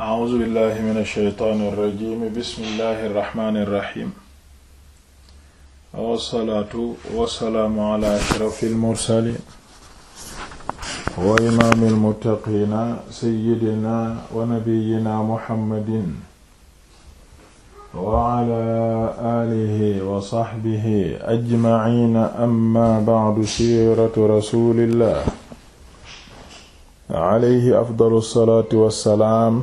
a'uuzu billahi min ash-shaytaani rrajiim bismillahi rrahmaani rrahiim wassalaatu wassalaamu ala ashrafi almursaliin wa imaami almuttaqiina sayyidina wa nabiyyina muhammadin wa ala aalihi wa sahbihi ajmaciina amma bacdu siiratu rasuulillah alayhi afdalu salaatu wassalaam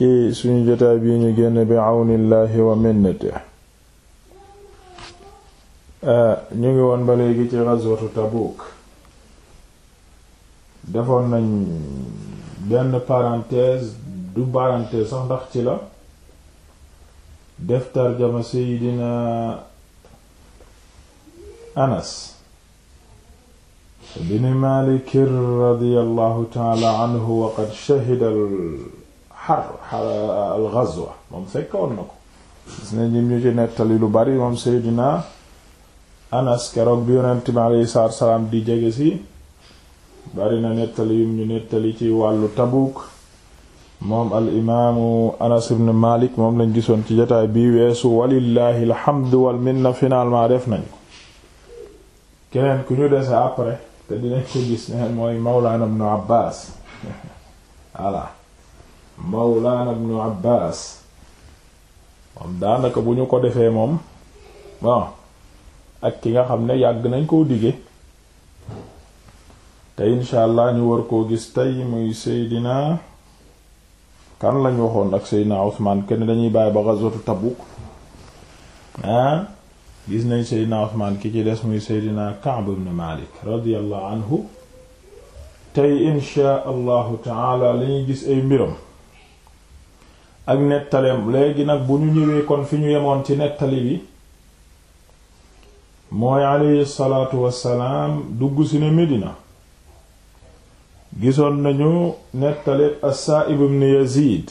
ci suñu jotaay bii ñu génn bi àwnillaahi wa minnati ah, ñu ngi woon ba léegi ci ghazwatu Tabuuk defoon nañ benn parenthèse du parenthèse sax ndax ci la def tarjama Seydina Anas bin Maalik radiyallahu taala anhu wa qad shahidal xar al-ghazwa moom fekke na ko gis na ñim ñu ci nettali lu bari moom Seydina Anas keroog bi yonent bi alayhi salaatu salaam di jege si bari na nettali yum ñu nettali ci wàllu Tabuk moom al imaamu Anas ibn Malik moom lañ gisoon ci jotaay bii weesu walillahi alhamdu wal minna finalement def nañ ko keneen ku ñu dese après te dinañ ko gis ne mooy Mawlana ibn Abbas voilà mawlaana ibnu abbaas moom daanaka bu ñu ko defee moom bon ak ki nga xam ne yàgg nañ koo dige te incha allah ñu war koo gis tey muy seydina kan lañ waxoon ak seydina Usmaan kenn dañuy bàyyi ba gazwatu Tabuk ah, gis nañ seydina Usmaan ki ci des muy seydina Ka'b ibn Malik radiyallahu tey incha allahu taala lañuy gis ay mbiram ak nettaleem léegi nag bu ñu ñëwee kon fi ñu yemoon ci nettali bi mooy aleyhi salaatu wassalaam dugg si ne Medina gisoon nañu nettali a saib ibn Yazid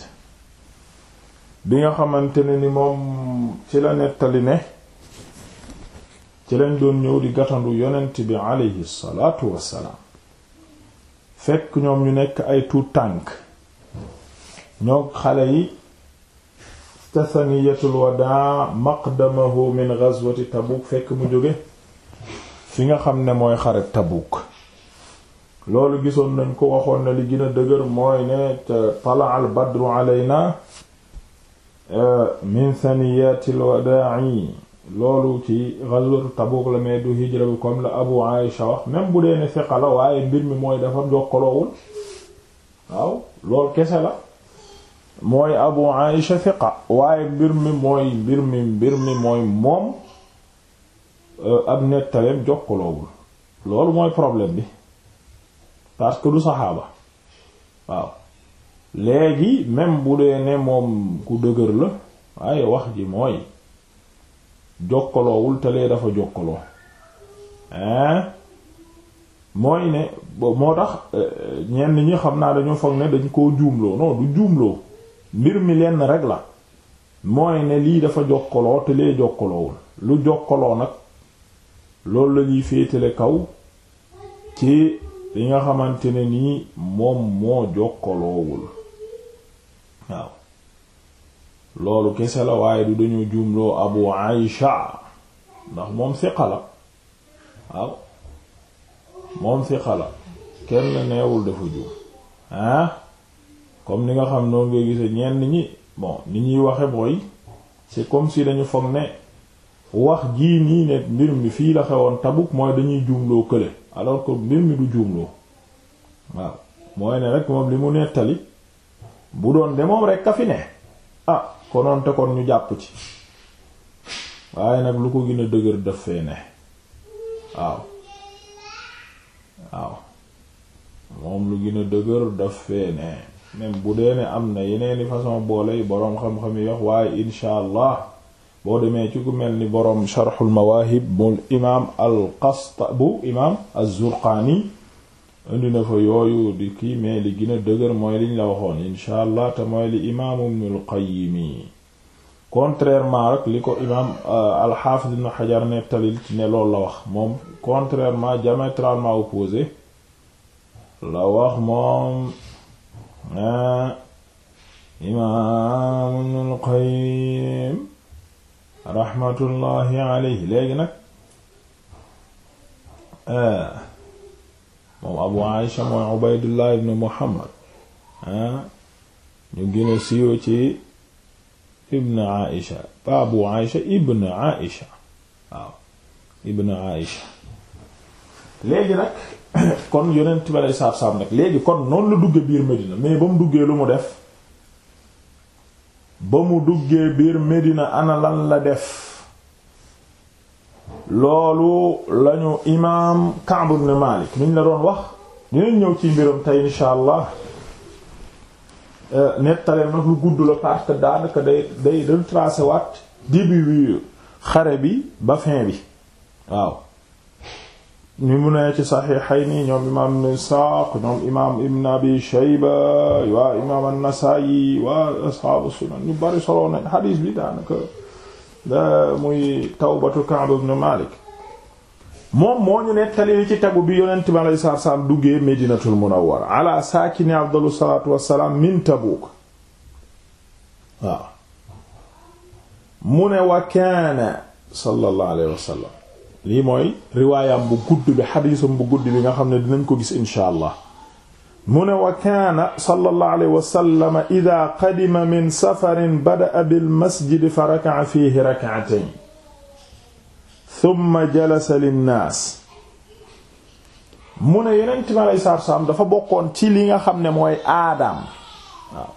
bi nga xamante ne ni moom ci la nettali ne ci lañ doon ñëw di gatandu yonent bi aleyhi salaatu wassalaam fekk ñoom ñu nekk ay tuut tànk ñoo xale yi ca saniyatul wadaa maqdamahu min ghazwati Tabuk fekk mu jóge fi nga xam ne mooy xare Tabuk loolu gisoon nañ ko waxoon na li gën a dëgër mooy ne tala al badru alayna e, min saniyatil wadaa'i loolu ci ghazwatu Tabuk la mais du hijra bi comme la Abu Aïsha wax même bu dee ne siqa la waaye mbir mi mooy dafa jokkaloowul waaw loolu kese la mooy abu aisha thiqa waaye mbir mi mooy mbir mi mbir mooy moom euh, ab nettaleem jokkaloowul loolu mooy problème bi parce que du saxaaba waaw léegi même bu dee ne moom ku dëgër la waaye wax ji mooy jokkaloowul te lee dafa jokkaloo hein mooy ne moo tax euh, ñenn ñi xam naa dañu foog ne dañ koo juumloo non du juumloo mbir mi lenn rek la mooy ne lii dafa jokkaloo te lee jokkaloowul lu jokkaloo nag loolu la ñuy féetale kaw ci li nga xamante ne nii moom moo jokkaloowul waaw loolu kese la waaye du dañu jumloo Abu Aïsha ndax moom siqa la waaw moom siqa kenn neewul dafa juum ah comme ni nga xam noonu ngay gisee ñenn ñi bon ni ñuy waxe mooy si comme si dañu foog ne wax jii nii ne mbir mi fii la xewoon Tabuk mooy dañuy juumloo kële alors que mbir mi du juumloo waaw moom bu doon de moom rek ka fi ne ah ñu jàpp ci waaye nag lu ko gën a dëgër daf fee ne waaw waaw moom lu gën a dëgër daf fee ne même bu dee ne am na yeneeni façon boole yi boroom xam-xam yi wax waaye incha boo demee ci ku mel ni boroom sharxul mawaahib bu imaam al qasta bu imaam az-Zurqaani indi fa yooyu di kii mais li gën a dëgër mooy liñ la waxoon incha allah te mooy li imaam ibnul qayyimi contrairement rek li ko imaam euh, al-Hafiz ibn Hajar nettalil ci ne loolu la wax moom contrairement diamétralement opposé la wax moom ah imaam Ibnul Qayyim raxmatullaahi alayhi léegi nag eh, moom Abu Aysha mooy Ubaydullah ibn Muhammad ah ñu gën a siiw ci ibn Aisha ba Abu Aisha ibn Aisha waaw ibn Aisha léegi nag kon yeneen bi aleyhi salaatu nag léegi kon noonu la dugge biir Medina mais ba mu duggee lu mu def ba mu duggee biir Medina ana lan la def loolu lañu imaam Ka'b ibn Malik mi ñu la doon wax dinañ ñëw ci mbiram tey insha allah euh, nettaleen nag lu gudd la parce que daanaka day day retracé waat début bi xare bi ba fin bi waaw ni mu nee ci saxiixayni ñoom imaam ibn Isaaq ñoom imaam ibn Abi Shayba waa imaam an waa ashaabu sunan bari solo nañ xadiis bi daanaka da muy tawbatu Ka'b ibn Maalik moom moo ñu nettali ci tegu bi yonent bi alayhi salaam duggee Madinatul Munawwara mu ne wa kaana alayhi wa lii mooy riwaayam bu gudd bi xadiisam bu gudd bi nga xam ne dinañ ko gis insha allah mu ne wa kaana sallallahu alayhi wa sallam ida qadima min safarin bada'a bil masjidi fa raka'a fiihi rak'atayn thumma jalasa linnaas mu ne yeneent mi aleyi salaatu salaam dafa bokkoon ci li nga xam ne mooy aadaam waaw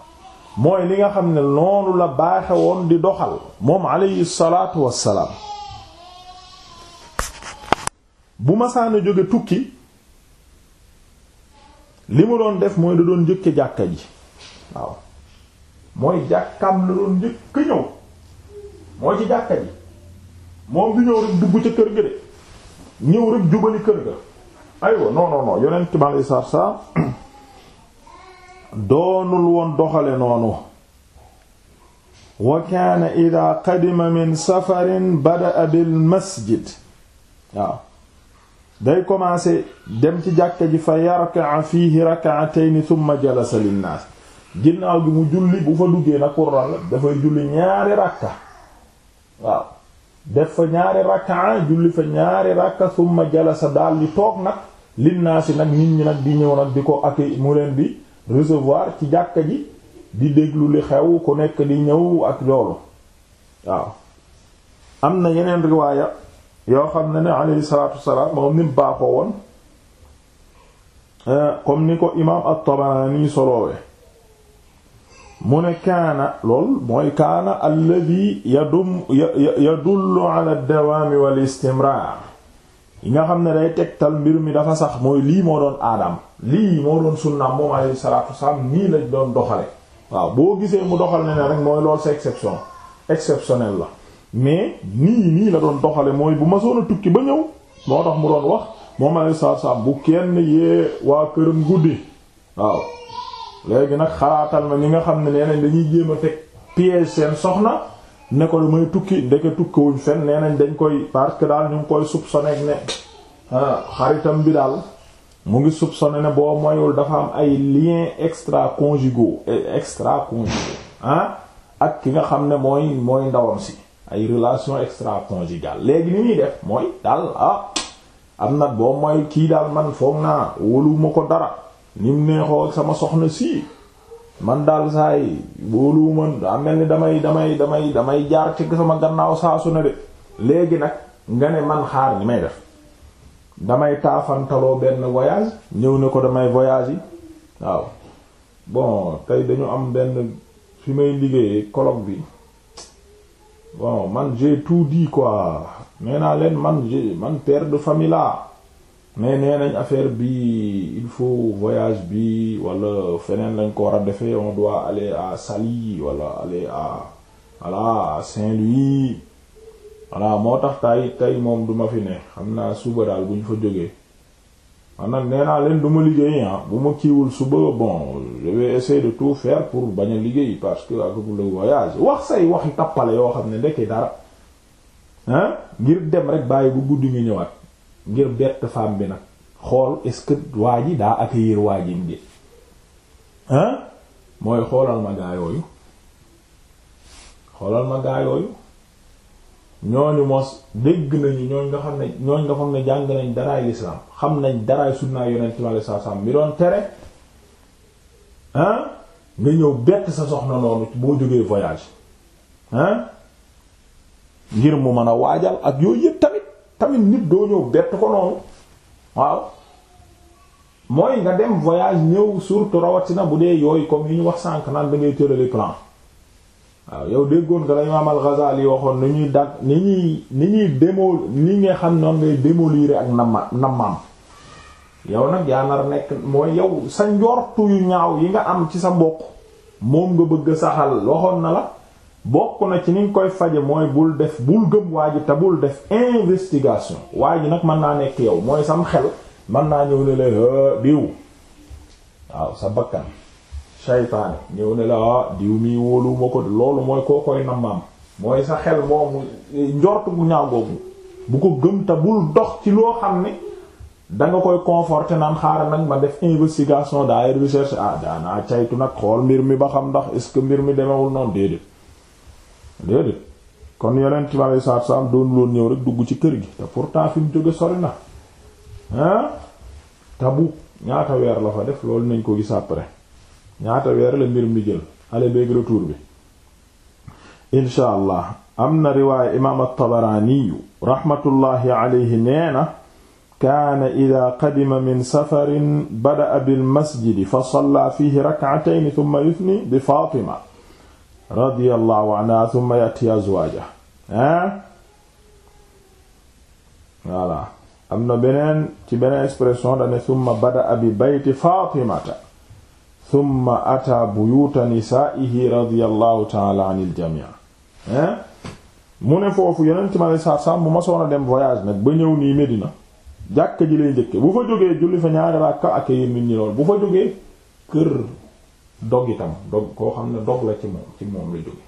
mooy li nga xam ne noonu la baaxe woon di doxal moom alayhi salaatu wassalaam bu masaana jóge tukki li mu doon def mooy da doon njëkke jàkka ji waaw mooy jàkkaam la doon njëkk ñëw moo ci jàkka ji moom du ñëw rek dugg ca kër ga de ñëw rek jubali kër ga aywa non non non yonent ma lay doonul woon doxale noonu wa kaana ida qadima min safarin bada'a masjid waaw day commencé dem ci jàkka ji fa yarkaa fiihi rak'atayn thumma jalasa linnaas ginnaaw gi mu julli bu fa duggee nag pour lan dafay julli ñaari rakka waaw def fa ñaari rakka julli fa ñaari rakka thumma jalasa daal di toog nag linnaasi nag nit ñi nag di ñëw nag di ko ak mu leen di recevoir ci jàkka ji di déglu li xew ku nekk di ñëw ak loolu waaw am na yeneen riwaaya yoo xam ne ne alayhi salaatu wassalaam moom ni mu baaxoo woon eh, comme ni ko imaam at-Tabarani solowee mu ne kaana lool mooy kaana alladhi yadum yadullu ala ad-dawaami wal istimraar yi nga xam ne day tegtal mbir mi dafa sax mooy lii moo doon aadam lii moo doon sunnaam moom alayhi salaatu wassalaam nii lañ doon doxale waaw boo gisee mu doxal ne ne rek mooy lool c'est exception exceptionnel la mais nii nii la doon doxale mooy bu masoon a tukki ba ñëw moo tax mu doon wax moom alei saatu salaam bu kenn yee waa këram guddi waaw nag xalaatal na ñi nga xam ne nee nañ dañuy jéem a teg piège seen soxna ne ko tukki ndeke tukkiwuñ fen nee nañ dañ koy parce que daal ñu ngi koy bi daal mu ngi soupçonné ne boo moyul dafa am ay liens extra conjugaux eh, ah, ak ki nga xam ne mooy mooy ndawam si ay relation extra-conjugale léegi ni ñuy def mooy daal ah am nag boo mooy kii daal man foog naa wóoluwuma ko dara nim neexoo ak sama soxna sii man daal saa yi wóoluwuma daa mel ni damay damay damay damay jaar ci sama gannaaw saa su ne de léegi nag nga ne man xaar ni may def damay taafantaloo benn voyage ñëw ne ko damay voyage yi waaw bon tey dañu am benn fi may liggéeyee colloque bi bon man j'ai tout dit quoi nee leen man j'ai man père de famille mais nee affaire bi il faut voyage bi walla feneen lañ ko war a defee on doit aller à Saly wala aller à voilà Saint-Louis voilà moo tax tay tay moom duma fi ne xam naa suba daal bu ñu fa jógee man nag nee leen du ma liggéey ah bu ma kiiwul suba bon je vais essayer de tout faire pour bañ a liggéey parce que ak le voyage wax say waxi tappale yoo xam ne ndekki dara ah ngir dem rek bàyyi bu guddi nga ñëwaat ngir bett femme bi nag xool est-ce que waa ji daa accueillir waa ji ngi ah mooy xoolal ma gaa xoolal ma gaa ñooñu mos dégg nañu ñooñ nga xam ne ñooñ nga xam ne jàng nañ daraay lislaam xam nañ daraay sunnaa yonent mi alayhi salaam mi doon tere ah nga ñëw bett sa soxna noonu boo jógee voyage ah ngir mu mën a waajal ak yooyu yëpp tamit tamit nit doo ñëw bett ko noonu waaw mooy nga dem voyage ñëw surtout rawatina bu dee yooyu comme yi ñu wax sànq naan da ngay tërale plan waaw yow déggoon nga la imaam al-Ghazali waxoon ni ñuy daan ni ñuy ni ñuy démo ni nga xam noonu ngay démolir ak nama namaam yow nag yaa nar nekk mooy yow sa njortu yu ñaaw yi nga am ci sa mbokk moom nga bëgg saxal waxoon na la bokk na ci niñ nga koy faje mooy bul def bul gëm waa ji te bul def investigation waa ji nag mën naa nekk yow mooy sam xel mën naa ñëw ne la diw waaw sa bakkan saytaane ñëw ne la ah, diw mi wóoluwuma ko loolu mooy koo koy nammaam mooy sa xel moomu eh, njort bu ñaaw boobu bu ko gëm te bul dox ci loo xam ne danga koy conforter naan xaaral nag ma def investigation daay recherche ah daanaa caytu nag xool mbir mi ba xam ndax est-ce que mbir mi demewul noonu déedéet déedéet kon yeneen ci ma saat saam doon loon ñëw rek dugg ci kër gi te pourtant fi mu jóge sori na hein tabu ñaata weer la fa def loolu nañ ko gis ñaata weer la mbir mi jël aller beeg retour bi incha allah am na riwaaya imaam at-Tabaraani raxmatullaahi alayhi nee na kaana ida qadima min safarin bada'a bil fa sallaa fiihi rak'atayni thumma yufni bi Faatima radiyallaahu anhaa thumma ya'tii azwaajahu ah voilà am na beneen ci beneen expression dane thumma bada'a bi bayti Faatimata thumma ata buyuta nisaa'ihi radiyallahu ta'ala anil jamii mu ne foofu yonent ma lay saar saar mu a dem voyage nag ba ñëw nii Medina jàkka ji lay njëkke bu fa jógee julli fa ñaari ràkka ak yeen nit ñi lool bu fa jógee kër dog itam dog koo xam ne dog la ci moom ci moom la jóge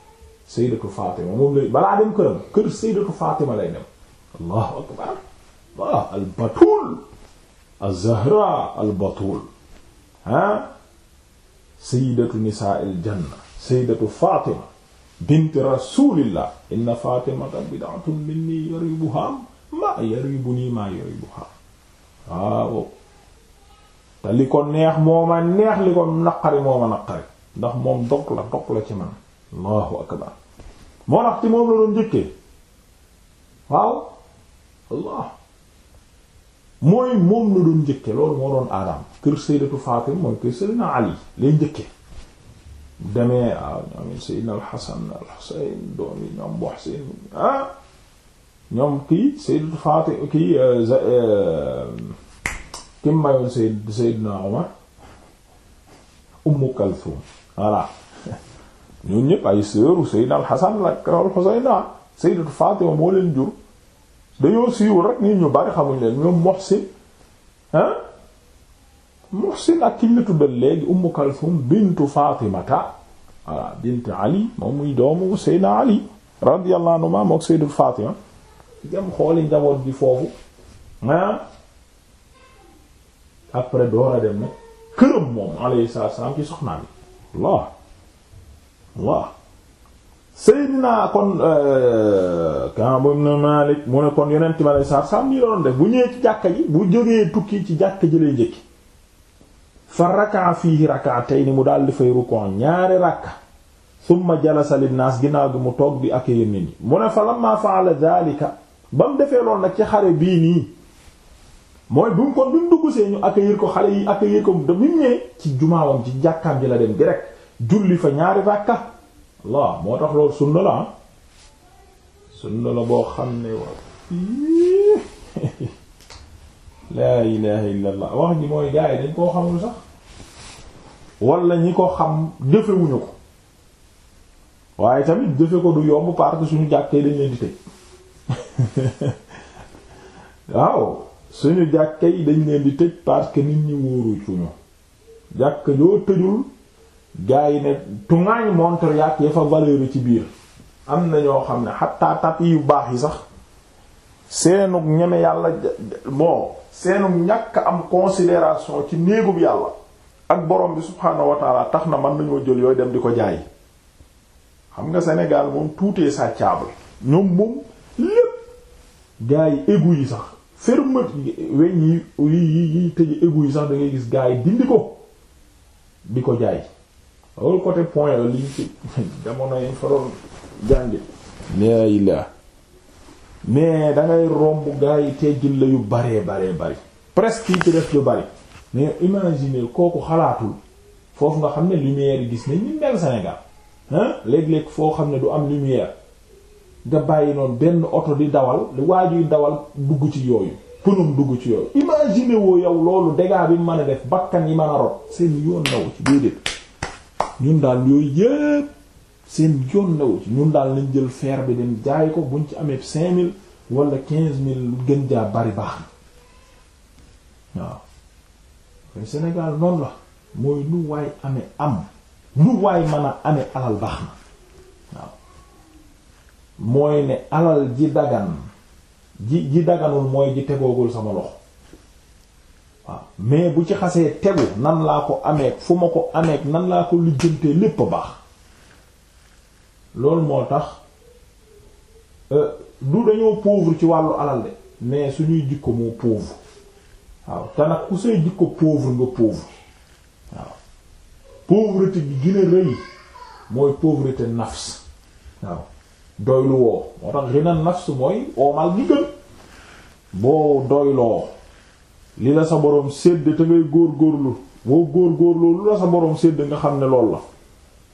sayyidatu Fatima moom lay balaa dem këram kër sayyidatu Fatima lay dem allahu akbar allah al batul al zahra sayyidatu nisaa'il janna sayyidatu Fatima bint rasulillah inna fatimata bid'atun minni yaribuha ma yaribuni ma yaribuha waaw te li ko neex moo ma neex li ko naqari moo ma naqari ndax moom dog la dog la ci man allahu akbar moo tax ci moom la doon njëkkee waaw allah mooy moom la doon njëkkee loolu moo doon aadam kër sayyidatu Faatima mooy kër sayyidina Ali lay njëkke demee Faatima ah, ah, kii eh, eh, kim mayoon sayyid sayyidina Umar Ummu Kalthum voilà ñun ñëpp ay sœuru ah. ñu bari xamuñ leen ñoom Muhsin ak ki ñu la tuddal léegi Ummu bintu Fatimata bint Ali moom muy doomu Seydina Ali radiyallahu anhu ma mook Sayyidul Fatima jam xooli njaboot gi foofu ah après door a dem nag këram moom alayhi salaam ci soxnaan bi Allah Allah Seydina kon euh, Kaab ibn Malik mu ne kon yonent bi alayhi salaam nii la doon bu ñëwee ci jàkka ji bu jógee tukki ci jàkka ji lay fa raka'a fiihi ni mu daal di fay ñaari rakka thumma jalasa linnaas ginnaaw gi mu toog bi ak yéen nit ñi mu ne fa lamma fa'ala dhalika ba mu defee loolu nag ci xare bii nii mooy bu mu kon bi mu dugg see ko xale yi accueillir ko da mu ñëwee ci jumaawam ci jàkkaam ji la dem direct julli fa ñaari ràkka waaw moo tax loolu sunna la ah sunna la boo xam ne waaw laa ilaha illa wax ji mooy gaa yi dañ koo xamul sax wala ñi ko xam jëfewuñu ko waaye tamit jëfe ko du yomb parce que suñu jàkkee dañ leen di tëj waaw suñu jàkkee dañ leen di tëj parce que nit ñi wóoru suñu jàkk yoo tëjul gaa yi ne tuŋaañ montre yàq ya fa valeur ci biir am na ñoo xam ne xataa tat yu baax yi sax seenug ñeme yàlla bon seenug ñàkk am considération ci néegub yàlla ak borom bi subhaanahu wa tax na man nañoo jël yooyu dem di ko jaay xam nga senegal moom tuutee sàccaable ñoom moom lépp gaa yi égout yi sax fermeur weñ yi yi yi tëj yi sax da ngay gis gaa yi dindi ko di ko jaay loolu côté point la liñ ci jamono yi fa doon jànge layi la mais dangay romb gaa yi teggil la yu baree baree bari presque yi ci def yu bari mais imagine kooku xalaatul foofu nga xam ne lumière yi gis nañ ni mel Sénégal hein léeg-léeg foo xam ne du am lumière nga bàyyi noonu benn oto di dawal li waajuy dawal dugg ci yooyu pënum dugg ci yooyu imagine woo yow loolu dégâts bi mën a def bakkan yi mën a rot seen yoon naw ci déedéet ñun daal yooyu yépp seen yoon naw ci ñun daal nañ jël feer bi dem jaay ko buñ ci amee cinq mille wala quinze mille gën jaa bari baax na waaw mais Sénégal noonu la mooy lu waay amee am lu waay mën a amee alal baax na waaw mooy ne alal ji dagan ji ji daganul mooy ji tegoogul sama loxo waaw mais bu ci xasee tegu nan laa ko amee fu ma ko amee nan laa ko lijjantee lépp a baax loolu moo tax euh, du dañoo pauvre ci wàllu alal de mais suñuy jikko moo pauvre waaw te nag ku say jikko pauvre nga pauvre waaw pauvreté bi gën rëy mooy pauvreté nafs waaw doylu woo moo tax rina nafs mooy oomal gi gën boo doyloo li la sa boroom sédd te ngay góor góorlu boo góor góorloo lu la sa boroom sédd nga xam ne lool la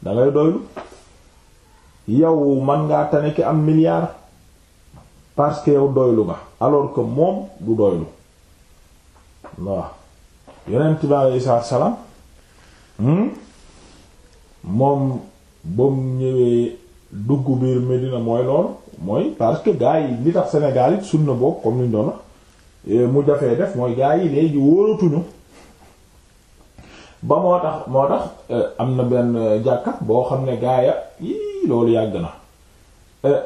dangay doylu yow man ngaa tane ki am milliard parce que yow doylu nga alors que moom du doylu waaw yonent bi aleyhi salaam hmm? moom ba mu ñëwee dugg biir Medina mooy loolu mooy parce que gaa yi li tax Sénégal it sunna boobu comme ni ñu doon eh, mu jafee def mooy gaa yi léegi wóoratuñu ba moo tax moo tax eh, am na benn jàkka boo xam ne gaaya yii loolu yàgg na eh,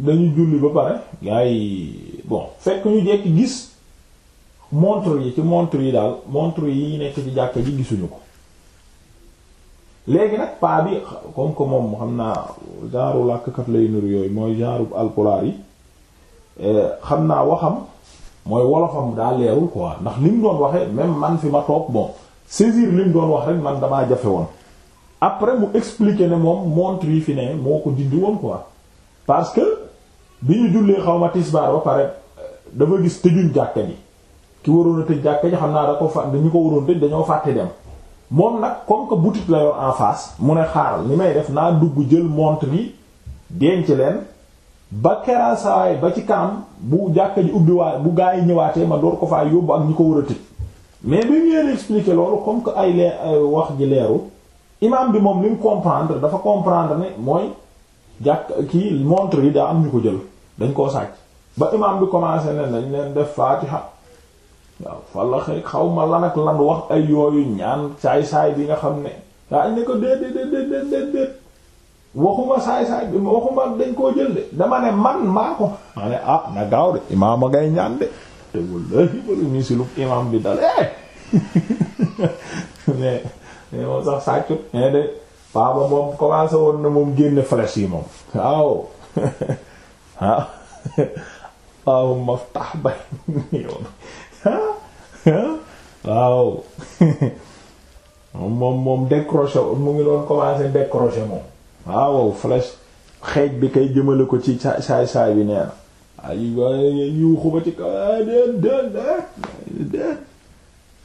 dañu julli ba pare gaa yi bon fekk ñu jekki gis montre yi ci montre yi daal montre yi nekk ci jàkka ji gisuñu ko léegi nag paa bi comme que moom xam naa genre làkkat lay nuru yooyu mooy genre alpulaar yi eh, xam naa waxam mooy wolofam daa leerul quoi ndax li mu doon waxee même man fi ma toog bon saisir li mu doon wax rek man damaa jafe woon après mu expliquer ne moom montre yi fi ne moo ko dindi woon quoi parce que bi ñu jullee xaw ma tisbaar ba pare eh, dafa gis tëjuñ jàkka ji ki waroon a tëj jàkka ji xam naa da ko fa dañu ko waroon tëj dañoo fàtte dem moom nag comme que boutique la yor en face mu ne xaaral li may def naa dugg jël montre yi denc leen ba keraasaay ba ci kanam bu jàkka ji ubbi waa bu gaa yi ñëwaatee ma door ko faa yóbbu ak ñi ko war a tëj mais bi loolu comme que ay wax ji leeru imam bi moom li mu comprendre dafa comprendre ne mooy jàkk kii montre yi daa am ñu ko jël dañ koo sàcc ba imam bi commencé ne nañ leen def faatiha waaw falax rek xaw ma lan lan wax ay yooyu ñaan saay-saay bi nga xam ne daa ne ko déet déet déet déet déet waxuma saay-saay bi waxuma dañ koo jël de dama ne man maa ko ma ne ah na gaaw de imaam a ngay ñaan de te wallahi balu ñu si lu imaam bi dal eh! mais mais moom sax sàccut mais de baaba moom commencé woon na moom génn flèche yi moom waaw waaw ah. waaw maftah bay yoon waaw moom moom décroché mu ngi doon commencé décroché moom waaw flèche xeej bi kay jëmale ko ci saay saay bi nee na ay waaye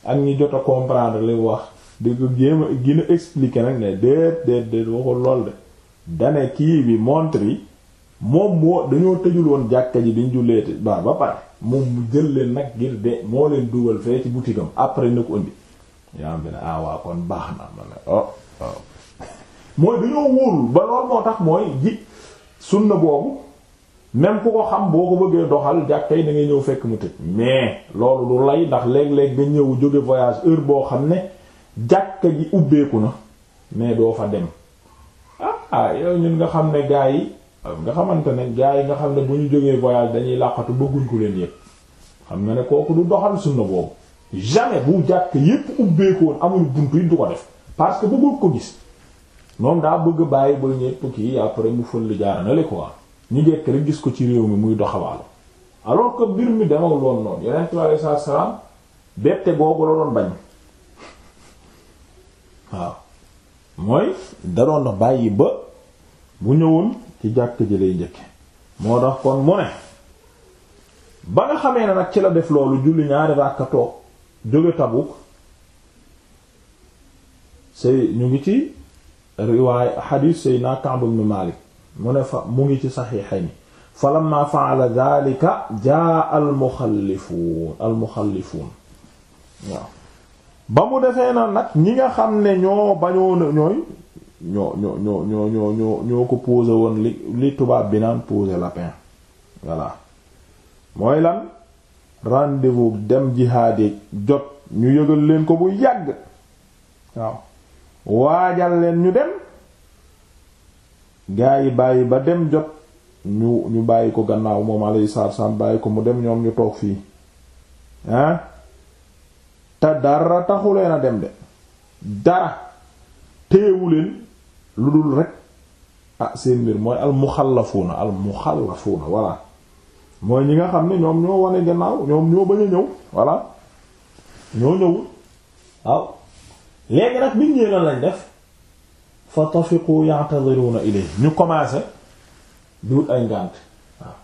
ak ñi jot a comprendre li wax di ko jéem a gën a expliquer nag ne déet déet waxul lool de dane kii bi montre yi moom moo dañoo tëjul woon jàkka ji biñ julleeti baax ba pare moom mu jël leen nag ngir de moo leen dugal fee ci boutique après na ko indi ah, kon baax na man ne oh mooy dañoo wóorul ba lool moo tax mooy ji na boobu même ku ko xam boo ko bëggee doxal jàkka yi da ngay ñëw fekk mu tëj mais loolu du lay ndax léeg-léeg nga ñëw jóge voyage heure boo xam ne jàkka ji ubbeeku na mais doo fa dem ah, ah yow ñun nga xam ne gaa yi nga xamante ne gaa yi nga xam ne bu ñu jógee voyage dañuy làqatu bëgguñ ko leen yëpp xam nga ne kooku du doxal sunna boobu jamais bu jàkk yépp ubbeekoon amul buntu yi du ko def parce que bëggul ko gis moom daa bëgg bàyyi ba kii après mu fël jaara na le quoi ñu jekk rek gis ko ci réew mi muy doxawaalo alors que mbir mi demewul woon noonu yonent bi alei bette googu la doon bañ waaw mooy da doon bàyyi ba bu ñëwoon ci jàkk ji lay njëkke moo tax kon mu ne ba nga xamee na nag ci la def loolu julli ñaari ràkka toog jóge Tabuk say ñu ngi ci riwaay xadiis Seydina Ka'b ibn Malik mu ne fa mu ngi ci saxiixayni falamma la dhalika jaa almuxallifuun almuxallifuun waaw ba mu defee na nag ñi nga xam ne ñoo bañoon ñooy ñoo ñoo ñoo ñoo ñoo ko posé woon li li tubaab bi naan posé lapin voilà mooy lan rendez-vous dem jihaadi jot ñu yëgal leen ko bu yàgg waaw waajal leen ñu dem gaa yi bàyyi ba dem jot ñu ñu bàyyi ko gannaaw moom alayhi salaatu salaam bàyyi ko mu dem ñoom ñu toog fii ah te dara taxuleen a dem de dara téewu leen lu dul rek ah seen mbir mooy al muxallafuuna al muxallafuuna voilà mooy ñi nga xam ne ñoom ñoo wane gannaaw ñoom ñoo bañ a ñëw voilà ñoo ñëwul waaw léegi nag biñ ñëwee lan lañ def fa tafiqu ya'tadhiruna ilay ñu commencé duut ay ngànt waaw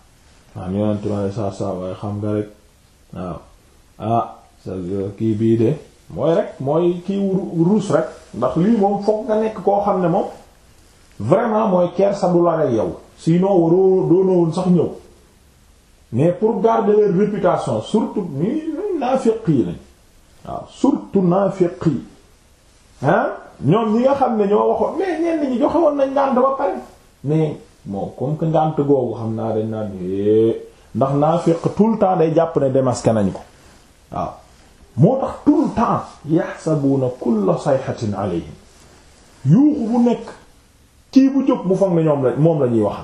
waaw ñu naan tubaab saa saa waaye xam nga rek waaw ah sa kii bii de mooy rek mooy kii ruus rek ndax lii moom fokk nga nekk koo xam ne moom. vraiment mooy kersa du la yow sinon waroo doonowoon sax ñëw mais pour garder leur réputation surtout ni naafiq yi nañ waaw surtout naafiq yi ah ñoom ñi nga xam ne ñoo waxoon mais ñenn ñi joxewoon nañ ngànt ba pare mais moo comme que ngànt googu xam naa dañ naan eh, ndax naafiq tout le temps day jàpp ne démasqué nañ ko waaw moo tax tout le temps yaxsabuuna alayhim yuuxu bu nekk kii bu jóg mu foog ne ñoom la moom la ñuy wax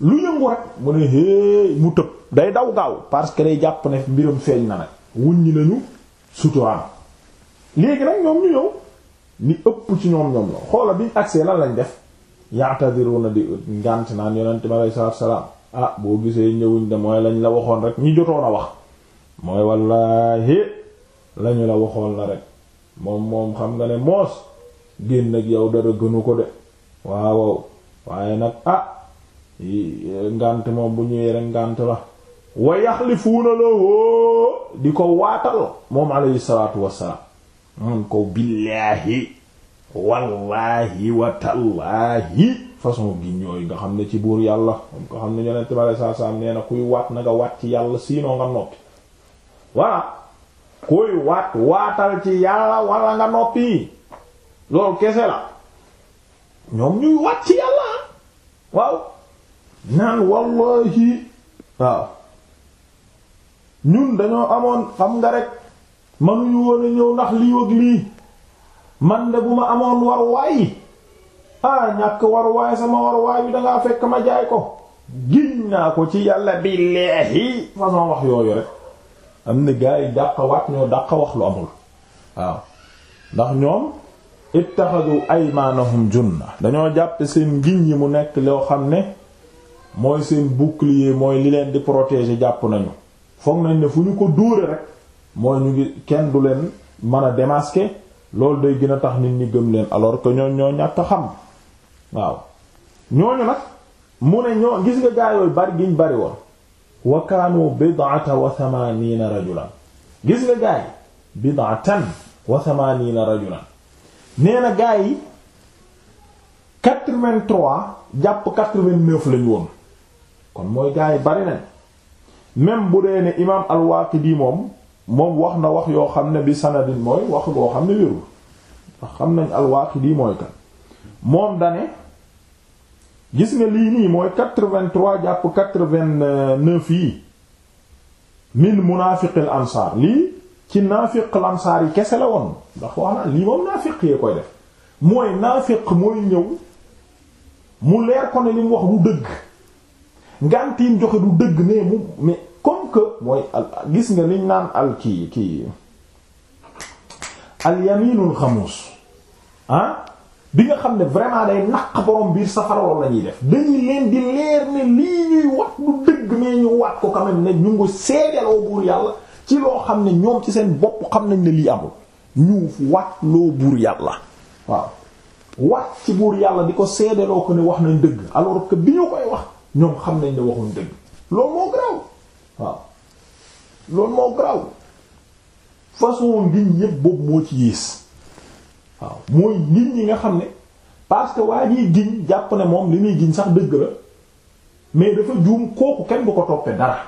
lu yëngu rek mu ne hee mu tëb day daw gaaw parce que day jàpp ne mbiram feeñ na nag wuññi nañu suturaam léegi nag ñoom ñu ñëw ni ëpp ci ñoom ñoom la xoola biñ agsee lan lañ def yaata di ngànt naan yonente mi aleyhi salaatu salaam ah boo gisee ñëwuñ de mooy lañ la waxoon rek ñi jotoon a wax mooy wallaahi lañu la waxoon la rek moom moom xam nga ne moos génn ak yow dara gënu ko de waaw waaye nag ah ngànt moom bu ñëwee rek ngànt la wa yaxlifuuna la woo di ko waatal moom alayhi salaatu wassalaam mun ko billaahi wallaahi watallaahi façon gi ñooyu nga xam ne ci buur yàlla moom ko xam ne yonent bi alayhi saa wassalaam nee na kuy waat na nga waat ci yàlla siinoo nga noppi voilà kuy waat waatal ci yàlla wala nga noppi loolu kese la ñoom ñuy waat ci yàlla waaw naan wallahi waaw ñun dañoo amoon xam nga rek ñu woon a ñëw ndax lii ak lii man de bu ma amoon war waay ah ñàkk war waay sama war waay bi dangaa fekk ma jaay ko giñ naa ko ci yàlla bi leexi façon wax yooyu rek am na gaa yi dàq waat ñoo dàq wax lu amul waaw ndax ñoom ittaxadu aymaanahum junna dañoo jàppe seen ngiñ yi mu nekk loo xam ne mooy seen bouclier mooy li leen di protéger jàpp nañu foog nañ ne fu ñu ko duure rek mooy ñu ngi kenn du leen mën a démasquer loolu day gën a tax nit ñi gëm leen alors que ñoo ñoo ñàkk xam waaw ñooñu nag mu ne ñoo gis nga gaayooyu bari giñ bari woon wa kaanu bid'ata wa thamaniina rajulan gis nga gaay bid'atan wa thamaniina rajulan nee na gaa yi quatre jàpp quatre vingt woon kon mooy gaa yi bari nañ même bu dee ne imaam al moom moom wax na wax yoo xam ne bi sanadin mooy wax boo xam ne wérul ndax xam nañ al-Waaqidi mooy kan moom dane gis nga lii nii mooy quatre jàpp quatre-vingt-neuf yi min munaafiqil ansaar lii ci naafiq lamsaar yi kese la woon ndax wax na lii moom naafiq yee koy def mooy naafiq mooy ñëw mu leer ko ne li mu wax du dëgg ngantiim joxe du dëgg ne mu mais comme que mooy gis nga liñ naan al kii kii al yaminul xamuus ah bi nga xam ne vraiment day naq borom biir safara loolu la ñuy def dañuy leen di leer ne lii ñuy wax du dëgg mais ñu waat ko quand ne ñu ngi seedeloo buur yàlla ci loo xam ne ñoom ci seen bopp xam nañ ne lii amul ñu wat loo buur yàlla waaw wat ci buur yàlla di ko seedeloo ko ne wax nañ dëgg alors que bi ñu koy wax ñoom xam nañ ne waxuñ dëgg loolu moo ci yées waaw mooy nit nga xam ne parce que waa ñuy giñ jàpp ne moom li muy giñ sax dëgg la mais dafa juum kooku kenn du ko toppee dara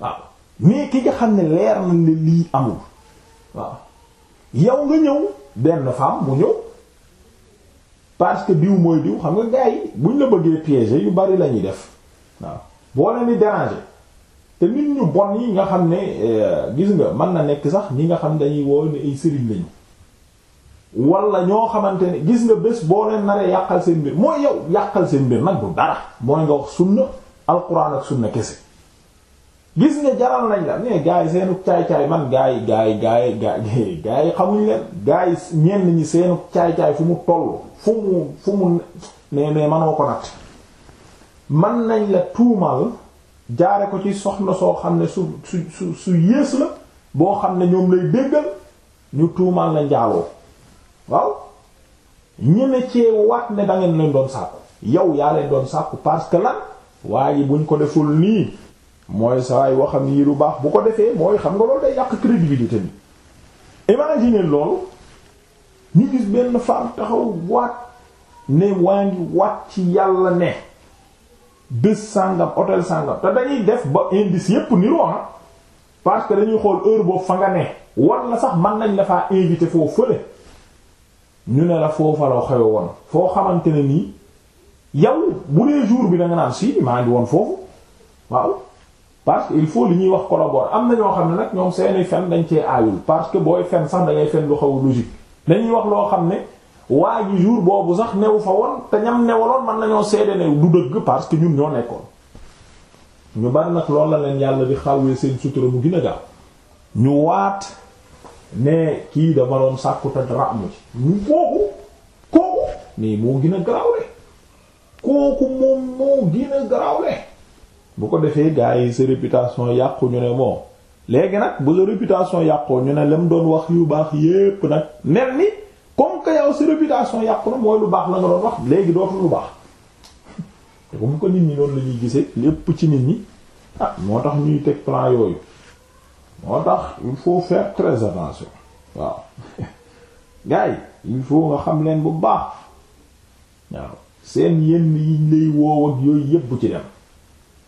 waaw mais ki nga xam ne leer na ne lii amul waaw yow nga ñëw benn femme mu ñëw parce que diw mooy diw xam nga gars yi buñ la bëggee piéger yu bari lañuy def waaw boo leen di déranger te nit ñu bon yi nga xam ne euh, gis nga mën na nekk sax ñi nga xam dañuy woo ne ay sëriñ lañu wala ñoo xamante ne gis nga bés boo leen naree yàqal seen mbir mooy yow yàqal seen mbir nag bu dara mooy nga wax sunna alquran ak sunna kese. gis nga jaral nañ la mais gars yi seenu caay-caay man gars yi gars yi gars yi gars yi xamuñ leen gars yi ñenn ñi seenu caay-caay fu mu toll fu mu fu mu ne ne manoo ko nat man nañ la tuumal jaare ko ci soxna soo xam ne su su su yées la boo xam ne ñoom lay déggal ñu tuumal la njaaloo waaw ñeme cee wat ne da ngeen leen doon sàkku yow yaa leen doon sàkku parce que lan waaye buñ ko deful nii mooy saay waxam nii lu baax bu ko defee mooy xam nga loolu day yàq crédibilité bi imagine loolu ñu gis benn femme taxaw waat ne waa ngi waat ci yàlla ne bés sàngam hôtel sàngam te dañuy def ba indice yépp niroo na ah, parce que dañuy xool heure boobu fa nga ne walla sax man nañ la faa invité foo fële ñu ne la foofa la xew woon foo xamante ne nii yow bu dee jour bi da naan si maa ngi woon foofu waaw parce que il faut li ñuy wax collaborer am na ñoo xam ne nag ñoom seeni fen dañ cee aayul parce que booy fen sax da ngay fen lu xaw logique dañuy wax loo xam ne waa ji jour boobu sax newu fa woon te ñam newaloon mën nañoo seede ne du dëgg parce que ñun ñoo nekkoon ñu bari nag loolu la leen yàlla di xawwee seen sutura mu gën a ñu waat ne kii dama doon sàkku te dara amu ci ñu kooku kooku mais moo gën a kooku moom moo gën a bu ko defee gars yi sa réputation yàqu ñu ne moo léegi nag bu sa réputation yàqoo ñu ne lam doon wax yu baax yépp nag mel ni comme que yow sa réputation yàqu na mooy lu baax la nga doon wax léegi dootul lu baax te comme que nit ñi noonu la ñuy gisee lépp ci nit ñi ah moo tax ñuy teg plan yooyu moo tax il faut faire très attention waaw gars yi il faut nga xam leen bu baax waaw seen yenn yi lay woow yooyu yépp bu ci dem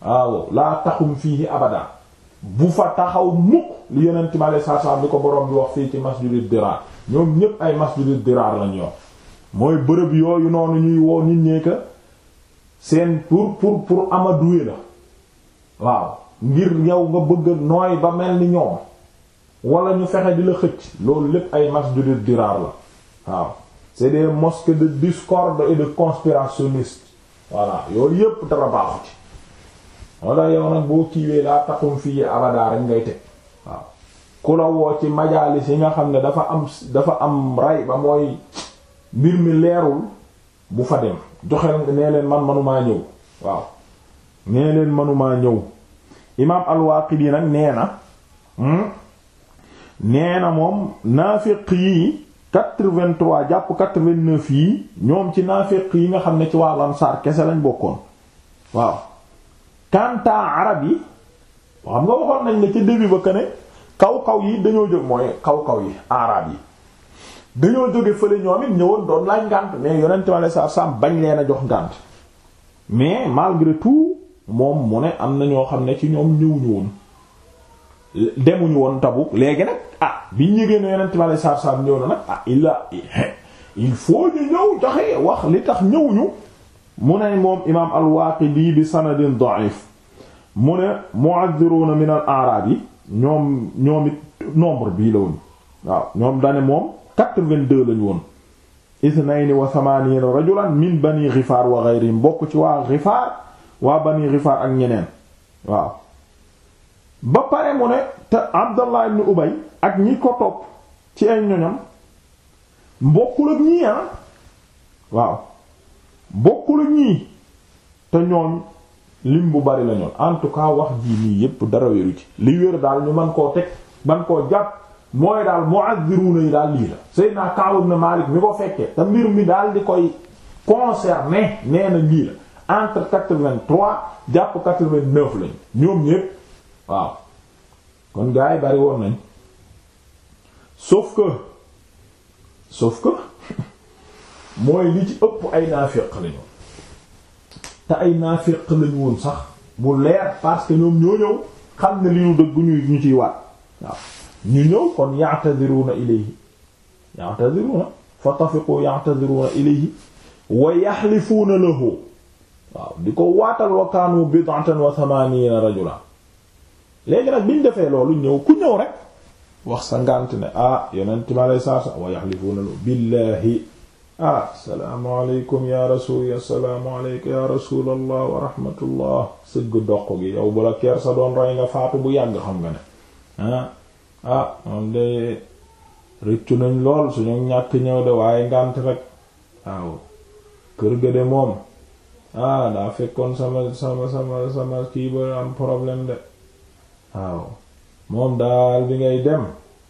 waaw laa taxum fii abadan bu fa taxaw mukk li yonent mi aleyhi salaatu ko borom bi wax fii ci masjidul diraar ñoom ñépp ay masjidul diraar lañ yoon mooy bërëb yooyu noonu ñuy woo nit ñee ka seen pour pour pour amaduwe la waaw ngir yow nga bëgg nooy ba mel ni ñoom walla ñu fexe di la xëcc loolu lépp ay masjidul diraar la waaw c'est des mosquées de discorde et de conspirationnistes voilà yooyu yépp dara baaxu ci wala yow nag boo kiiwee laa taxum fii abadaa rek ngay teg waaw ku la woo ci majaalis yi nga xam ne dafa am dafa am ray ba mooy mbir mi leerul bu fa dem joxe nee leen man manumaa ñëw waaw nee leen manumaa ñëw imaam al-Waaqidi nag nee na hmm? nee na moom naafiq yi quatre-vingt-trois jàpp quatre vingt yi ñoom ci naafiq yi nga xam ne ci waa Ansaar kese lañ bokkoon waaw kanta arab yi xam nga waxoon nañ ne ca début ba que ne kaw kaw yi dañoo jóg mooy kaw kaw yi arab yi dañoo jóge fële ñoom it ñëwoon doon laaj ngànt mais yonent ma sa sam bañ leen a jox ngànt mais malgré tout moom mu ne am na ñoo xam ne ci ñoom ñëwuñu woon demuñu woon Tabuk léegi nag ah bi ñu yëgee ne yonent ma sa sam ñëw na nag ah illa a il faut ñu ñëw joxe wax li tax ñëwuñu mu ne moom imaam al-Waaqidi bi sanadin da'if mu ne mu'adhdhiruuna min al-a'raab yi ñoom ñoom nombre bii la woon waaw ñoom dane moom quatre-vingt-deux woon rajulan min bani Ghifaar wa ghayrihim bokk ci waa Ghifaar waa bani Ghifaar ak ñeneen waaw ba pare mu ne te Abdallah ibn Ubay ak ñi ko topp ci ay ñoñam mbokkul ak ñii ah waaw bokkul ñii te ñoom lim bu bari la ñoon en tout cas wax jii nii yépp dara wéru ci li wér daal ñu man koo teg man koo jàpp mooy daal mu'azziruna yi daal lii la Seydina Ka'b ibn Malik mi ko fekkee te mbir mi daal di koy concerné nee na lii la entre quatre-vingt-trois jàpp quatre-vingt-neuf lañ ñoom ñépp waaw kon gars yi bari woon nañ sauf que sauf que mooy li ci ëpp ay naafiq lañu te ay naafiq lañu woon sax bu leer parce que ñoom ñoo ñëw xam ne li ñu dëgg ñu ñu ciy waat waaw ñu ñëw kon ya'taziruna ilayhi ya'taziruna fa tafiqu ya'taziruna ilayhi wa yaxlifuuna lahu waaw di ko waatal wa kaanu bid'atan wa thamaniina rajulan léegi nag biñ defee loolu ñëw ku ñëw rek wax sa ngànt ne ah yeneen ma lay saa sa wa yaxlifuuna lahu billahi ah salaamualeykum ya rasul asalaamualeykum ya rasulallah wa rahmatullah sëgg doq gi yow bu la keer sa doon rey nga faatu bu yàgg xam nga ne ah ah moom de rëccu nañ lool suñu ñàkk ñëw de waaye ngànt rek waaw kër ga de moom ah daa fekkoon sama sama sama sama kii ba am problème de waaw moom daal bi ngay dem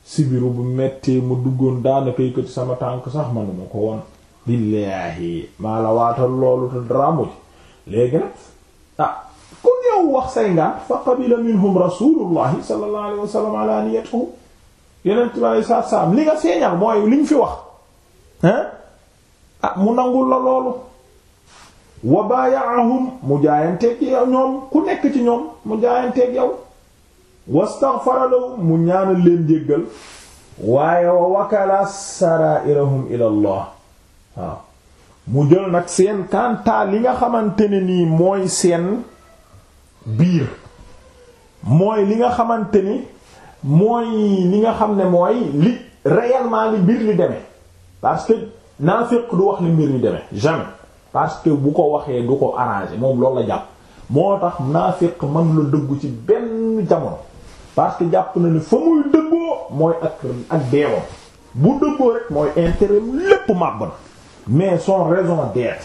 sibiru bu mettee mu duggoon daanaka yëkkati sama tànk sax manuma ko woon billaahi maa la waatal loolu te daramu léegi nag ah kon yow wax say ngànt fa qabila minhum rasulullahi sallallahu alayhi wa sallam ala niyatihi yonent bi alayhi li nga seeñal mooy li fi wax hein ah mu nangul la loolu wa baaya'ahum mu jaayanteeg ñoom ku nekk ci ñoom mu jaayanteeg yow wastaghfara lahum mu ñaanal leen jéggal waaye wa wakala sarairahum ila allah waaw mu jël nag seen kantaa li nga xamante ne nii mooy seen biir mooy li nga xamante ni mooy li nga xam ne mooy li réellement li biir li deme parce que naafiq du wax li mbir li demee jamais parce que bu ko waxee du ko arrangé moom loolu jàpp moo tax naafiq man la dëggu ci benn jamono parce que jàpp na ne fa muy dëggoo mooy ak ak deewam bu dëggoo rek mooy intérêt lépp màbb na mais son raison d'être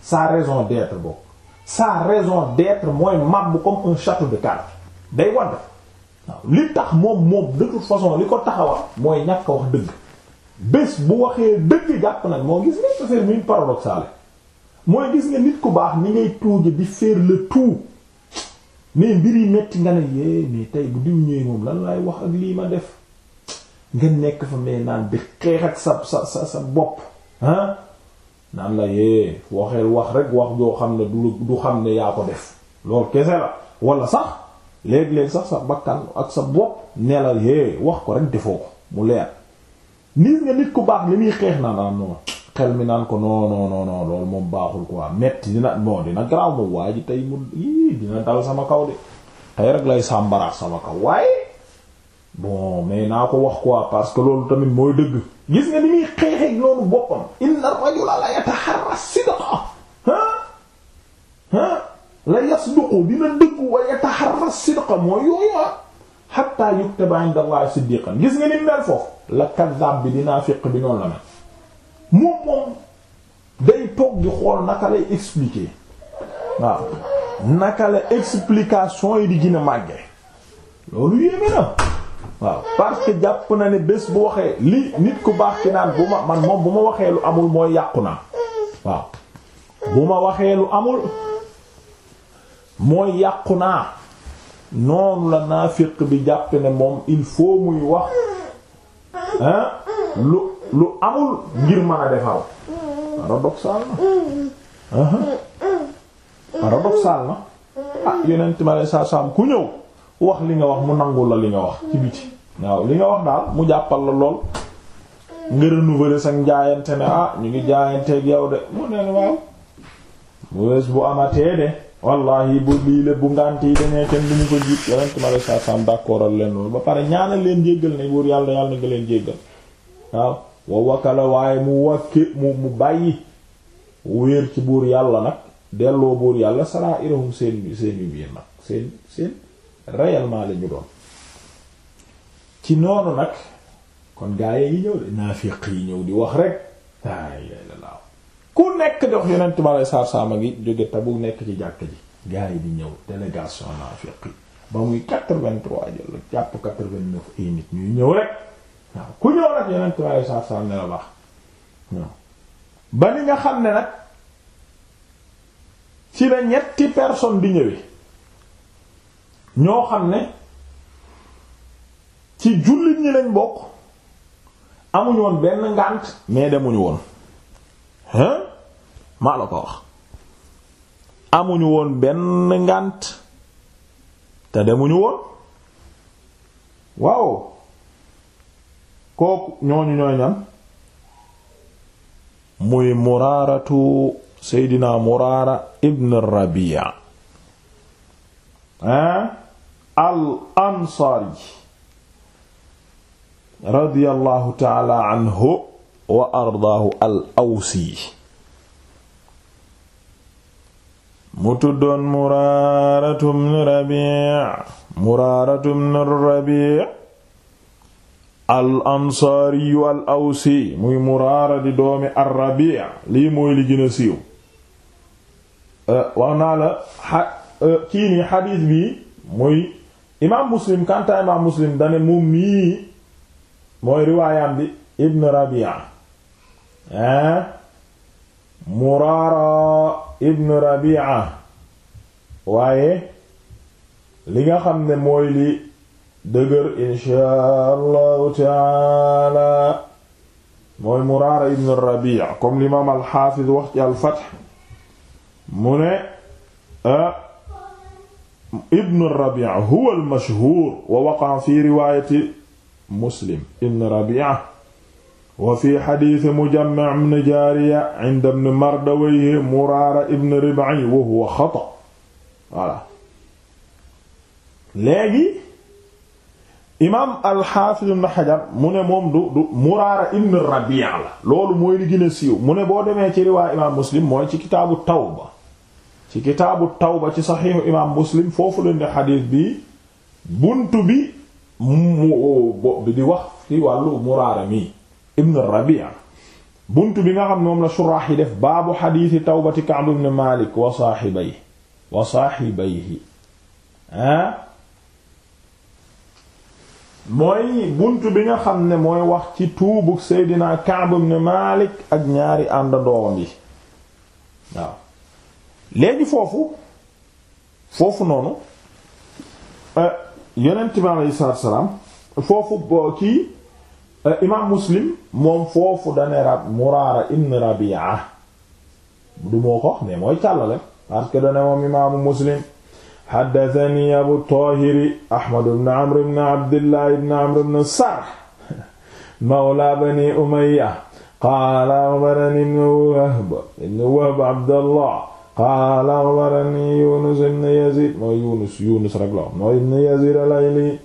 sa raison d'être bokk sa raison d'être mooy màbb comme un château de cartes day wadd waaw li tax moom moom de toute façon li ko taxawal mooy ñàkk a wax dëgg bés bu waxee dëgg jàpp nag moo gis nga affaire bi mooy gis nga nit ku baax ni ngay tuuje di faire le tout mais mbir yi metti nga ne yee mais tey bu diw ñëwee moom lan laay wax ak lii ma def nga nekk fa mais naan bi xeex ak sa sa sa sa bopp. ah naan la yee waxeel wax rek wax joo xam ne du du xam ne yaa ko def loolu kese la wala sax léeg-léeg sax sa bakkan ak sa bopp nelal yee wax ko rek defoo ko mu leer nit nga nit ku baax li muy xeex naan am noonu xel mi naan ko non non non non loolu moom baaxul quoi metti dina bon dina garaaw moom waa tey mu dina dal sama kaw de tey rek lay sàmbaraax sama kaw waaye bon mais naa ko wax quoi parce que loolu tamit mooy dëgg gis nga ni muy xeexeeg noonu boppam inna rajula la yataharra sidqa ha ha la yasduqu dina ah. bi dinaa fiq bi noonu la mel moom moom day toog xool naka lay expliquer waaw naka la explication yi di gën a loolu yéeme na waaw parce que jàpp na ne bés bu waxee li nit ku baax ci naan bu ma man moom bu ma waxee lu amul mooy yàqu naa waaw ma waxee lu amul mooy yàqu naa noonu la naafiq bi jàpp ne moom il faut muy wax lu lu amul ngir mën a defar paradoxal na paradoxal na ah yeneen time saa saam ku ñëw wax li nga wax mu nangu la li nga wax ci biti waaw li nga wax daal mu jàppal la lool nga renouveler sa jaayante ne ah ñu ngi jaayanteeg yow de mu ne waaw mu wees bu amatee de wallahi bu lii lépp bu ngànt yi dañee kenn ko jiit yonent ma la saa saam leen loolu ba pare ñaanal leen jéggal ne buur yàlla yàlla nga leen jéggal waaw wa wakkala waaye mu wakki mu bàyyi wéer ci buur yàlla nag delloo buur yàlla saraa irahum seen seen yu biir nag seen réellement la ñu doon ci noonu nag kon gaa yi ñëw de yi ñëw di wax rek laa ilaaha illallaah ku nekk di wax yonent ma lay saar saama gi jóge tabu nekk ci jàkk ji gaa yi di ñëw délégation naafiq yi ba muy quatre-vingt-trois jël jàpp quatre-vingt-neuf ay nit ñuy ñëw rek waaw ku ñëw nag yonent ma lay saar saam ne la baax ba ni nga xam ne nag ci la ñetti personne di ñëwee ñoo xam ne ci jullit ñi lañ bokk amuñu woon benn ngànt mais demuñu woon hein maa la ko wax amuñu woon benn ngànt te demuñu woon waaw kooku ñooñu ñooy ñan muy muraaratu seydina muraara ibn rabia hein al ansaari radiyallahu taala anhu wa ardaahu al awsi mu tuddoon muraaratu muraaratu bnu rabii al ansaari al awsi muy muraara di doomi ar rabii li gën a siiw eh, wax eh, bi muy imaam muslim kantaa imaam muslim dane moom mii mooy riwaayam bi ibn rabia hein muraara ibn rabia waaye li nga xam ne mooy li dëgër inshaa allahu taala mooy muraara ibn rabia comme l'imam alxaafiz wax ci mu ne ah ibn Rabi'a huwa al-mashhur wa waqa'a fi riwaayati Muslim ibn Rabi'a wa fi hadiisi Mujammi' ibn Jaariya 'inda ibn Mardawayh Muraara ibn Rib'i wa huwa xata voilà léegi imaam al-Haafiz ibn Hajar mu ne moom du du Muraara ibn Rabi'a la loolu mooy li gën a siiw mu ne boo demee ci riwaaya imaam Muslim mooy ci kitaabu Tawba ci kitaabu tawba ci saxiixu imaam muslim foofu leen di xadiis bi buntu bi mu bi di wax ci wàllu muraara mi ibn rabi'a buntu bi nga xam ne moom la suraax yi def baabu xadiisi tawbati ka'b ibn malik wa saaxibayhi wa saaxibayhi ah mooy buntu bi nga xam ne mooy wax ci tuubu seydina ka'b ibn malik ak ñaari àndandoowam yi léegi foofu foofu noonu euh, yonent bi aleyhi salaatu salaam foofu kii euh, imaam muslim moom foofu dane rab muraara ibn rabia du moo ko wax mais mooy càllale parce que dane moom imaamu muslim xaddatani abu tahiri ahmadu bn amr bn abdillahi bn amr bn sarh mawla bani umayya qaala axbarani ibn wahb ibn wahb abdallah qaala axbarani yunus ibn yazid mooy yunus yunus rek la mooy ibn yazid alayli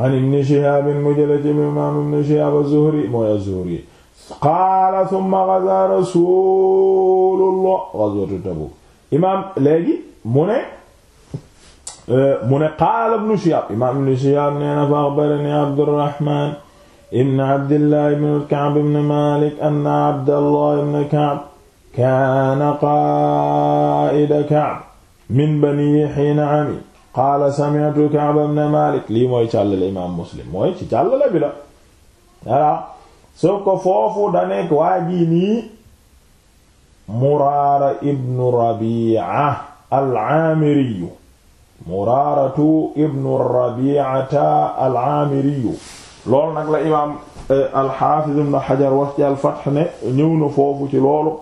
an ibn shihab mu jële ci imaam ibn shihab az-zuhri mooy az-zuhri qaala summa gaza rasulullah gazwatu tabuk imaam léegi mu ne euh, mu ne qaala ibn shihab imaam ibn shihab nee na fa axbarani abdurrahman ibn abdillah ibn ka'b ibn malik anna abdallah ibn ka'b kaana qaa'ida Ka'b min bani hiina ami qaala sami'tu Ka'b ibn Maalik lii mooy càllale imaam Muslim mooy ci càllale bi la voilà soo ko foofu da nekk waa ji nii Muraara ibnu Rabii'a al-Aamiriyu Muraaratu ibnu Rabii'ata al-Aamiriyu loolu nag la imaam eh, al-Haafiz ibn Hajar wax ci al-Fath ne ñëw na foofu ci loolu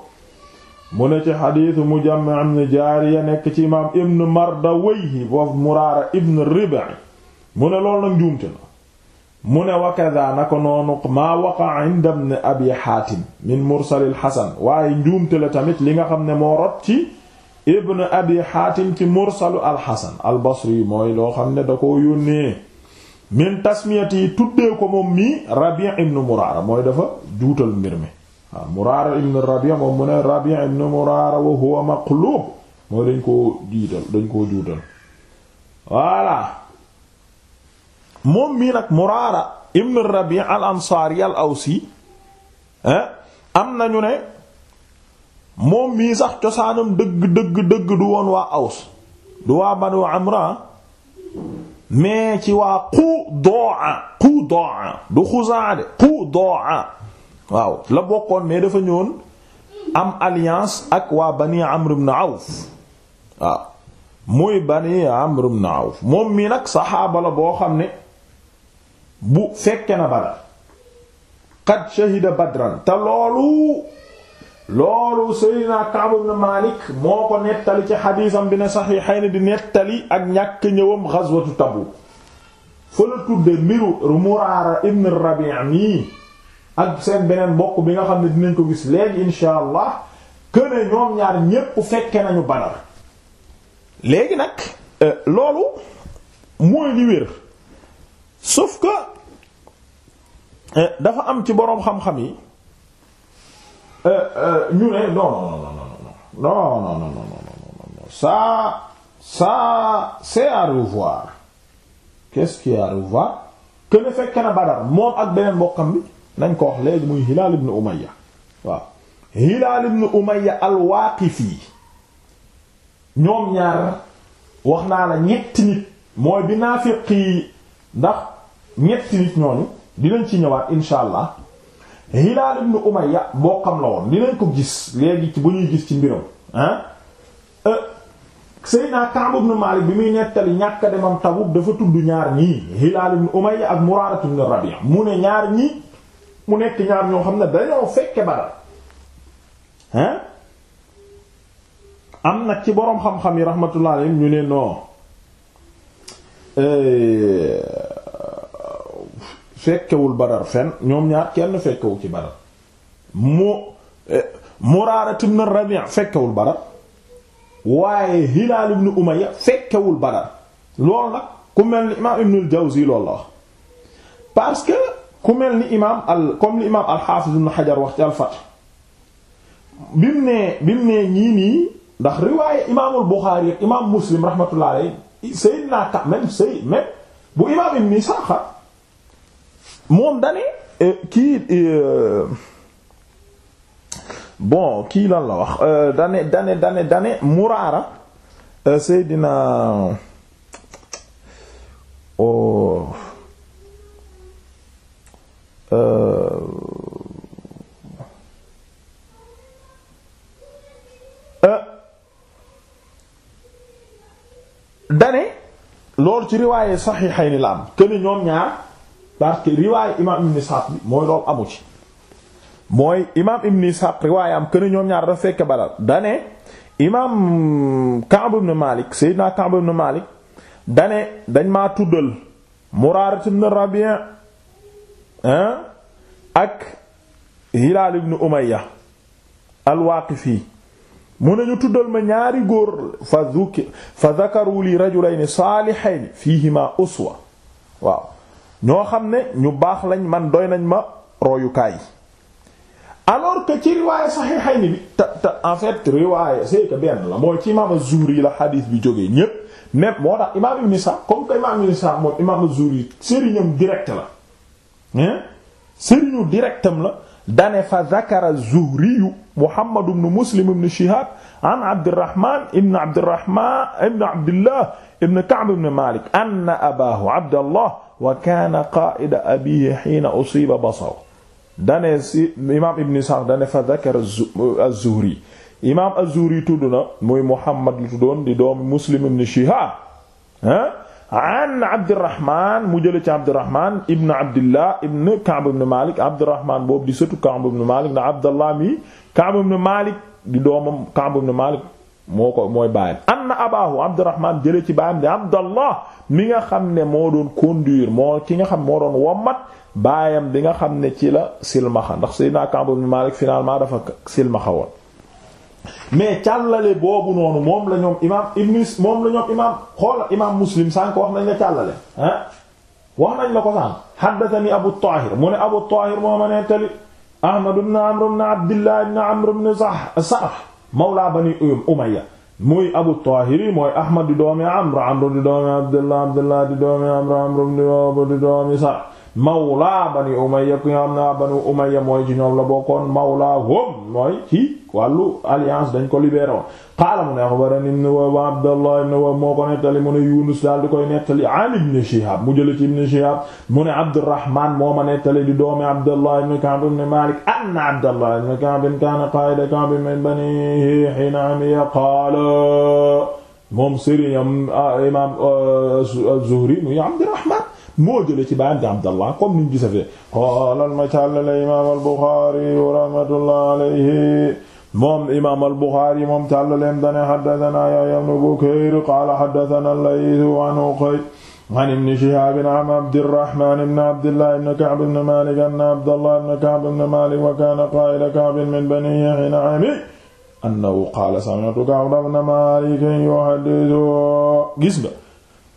mu ne ci xadiisu Mujammi' ibn Jaariya nekk ci imaam ibn Mardawayhi boofu Muraara ibn Rib'i mu ne loolu nag njuumte na mu ne wa na ko noonu maa waqa'a 'inda ibn Abi Haatim min mursalil Hasan waaye njuumte la tamit li nga xam ne moo rot ci ibn Abi Haatim ci mursalu al-Hasan al-Basri mooy loo xam ne da ko yónnee min tasmiyati tuddee ko moom mii Rabi' ibn Muraara mooy dafa juutal mbir mi waaw ah, Muraara ibn Rabi' moom mu ne Rabi' ibn Muraara wa huwa maqlub mooy dañ koo jiital dañ koo juutal voilà moom al Ansaari al Awsi am nañu ne moom mii sax cosaanam dëgg dëgg dëgg du woon waa Aws du waa Banu Amra mais ci waa Qudaa Qudaa du Xuzaa de Qudaa waaw la bokkoon mais dafa ñëwoon am alliance ak waa bani Amr ibn Awf waaw muy bani Amr ibn Awf moom mii nag saxaaba la boo xam ne bu fekke na Badar qad shahida Badran te loolu loolu Seydina Ka'b ibn Malik moo ko nettali ci xadiisam bi ne Saxiixayni di nettali ak ñàkk ñëwam ghazwatu Tabuk fa la tudde mbiru Muraara ibn Rabi' mi ak seen beneen mbokk bi nga xam ne dinañ ko gis léegi insha allah que ne ñoom ñaar ñépp fekke nañu Badar léegi nag loolu mooy li wér sauf que dafa am ci boroom xam-xam yi ñu ne non non non non non non non non ça ça c'est à revoir qu'est-ce qu'il y a à revoir que ne fekke na Badar moom ak beneen mbokkam bi. nañ ko wax léegi muy Hilaal ibn Umayya waaw Hilaal ibn Umayya al ñoom ñaar wax naa la ñetti nit mooy bi naafiq yi ndax ñetti nit ñooñu dinañ ci ñëwaat insha allah Hilaal ibn boo xam la woon dinañ ko gis léegi bu ñuy gis ci mbiram ah Seydina Ka'b ibn bi muy nettali ñàkk demam Tabuk dafa tudd ñaar ñii Hilaal ibn Umayya ak Muraara ibn mu ne ñaar ñii mu nekk ñaar ñoo xam ne dañoo fekke Badar hein am nag ci boroom xam-xam yi rahmatullah alayhim ñu ne non eh, fekkewul Badar fenn ñoom ñaar kenn fekkewu ci Badar mu eh, Muraara ibn Rabi' fekkewul Badar waaye Hilaal ibn Umayya fekkewul Badar loolu nag ku mel ni imaam Ibnul Jawzi loolu la parce que ku mel ni imaam al comme li imaam al-Hafiz Ibn Hajar wax ci al-Fath bi mu nee bi mu nee ñii nii ndax riwaaye imaamul Bukhari imaam Muslim rahmatullah Seydina Ka même Seyd même bu imaam Ibn Ishaq moom dane eh, kii eh, bon kii lan la wax eh, dane dane dane dane Muraara Seydina. Oh, ci riwaaye saxiixayni la am que ñoom ñaar parce que riwaaye imaam ibn Sa'd bi mooy loolu amu ci. mooy imaam ibn Sa'd riwaaye am que ñoom ñaar dafa fekk balal dane imaam Ka'b ibn Malik Seydina Ka'b ibn Malik dane dañ maa tuddal Muraara ibn Rabi' ak Hilaal ibn Umayya al mu ne ñu tuddal ma ñaari góor fa zukki fa zakaru li rajulayni saalihayn fiihima uswa waaw ñoo xam ne ñu baax lañ man doy nañ ma royukaay alors que ci riwaaya saxiixayni bi te te en fait riwaaya c'est que benn la mooy ci imaam az-Zuhri la xadiis bi jógee ñépp même moo tax imaam Ibn Sa'd comme que zuhri sëriñam direct la hein sëriñu directam la dane fa zakara zuhriyu muhammadu bnu muslim bnu shihab an abdirahman ibn abdirahman ibn abdillah ibn ka'b ibn malik anna abahu abdallah wa kana qaida abihi hina usiba basaru dane si imam ibn Sa'd dane fa zakara az-zuhri imam az-zuhri tudd na muy muhammad lu tuddoon di doomi muslim ibn shihab ah an Abdurrahman mu jële ci Abdurrahman ibn Abdillah ibn Ka'b di sëtu na Abdallah mi Ka'b ibn Malik di doomam Ka'b ibn Malik moo ci bàyyam di Abdallah mi nga xam ne moo doon conduire moo ki nga xam moo doon wommat bàyyam bi nga xam ne ci la silmaxa ndax Seydina Ka'b ibn Malik finalement dafa silmaxa woon mais càllale boobu noonu moom la ñoom imaam ibn moom la ñoom imaam xoola imaam muslim sànk wax nañ la càllale ah wax nañ la ko sànk haddathani abu tahir mu ne abu tahir moo ma nettali ahmad ibn amr ibn abdillah ibn amr ibn sarh mawla bani um-, umayya muy abu tahir yi mooy ahmad di doomi amr amr di doomi abdillah abdillah di doomi amr amr di doomi sarh mawla bani umayya ku ñoom na bani umayya mooy ci ñoom la bokkoon mawla hum mooy ci wàllu alliance dañ ko libéré woon qaala mu ne axbarani ibn Wahb Abdallah ibn Wahb moo ko nettali mu ne Yunus daal di koy nettali an ibn Shihab mu jële ci ibn Shihab mu ne Abdurrahman moo ma nettali di doomi Abdallah ibn Ka'b ibn Malik anna Abdallah ibn Ka'b kaana qaa'ida Ka'b min baniihi hiina 'amiya qaala moom sëriñam imaam az-Zuhri muy Abdurrahman moo jële ci baayam di Abdallah comme niñ gisafee qaala al-Macal al-imaam al-Bukhari rahmatullah alayhi moom imaam al-Buxaari moom càllaleem dane xaddatanaa Yahyaa ibnu Bukayr qaala xaddatanaa al-Layth an Uqay an ibni Shihaab an Abdirrahmaan ibn Abdillah ibn Ka'b ibn Maalik anna Abdallah ibn Ka'b ibn Maalik wa kaana qaa'ila Ka'b min banii Hilaami annahu qaala sami'tu Ka'b ibn Maalik yuhaddithu gis nga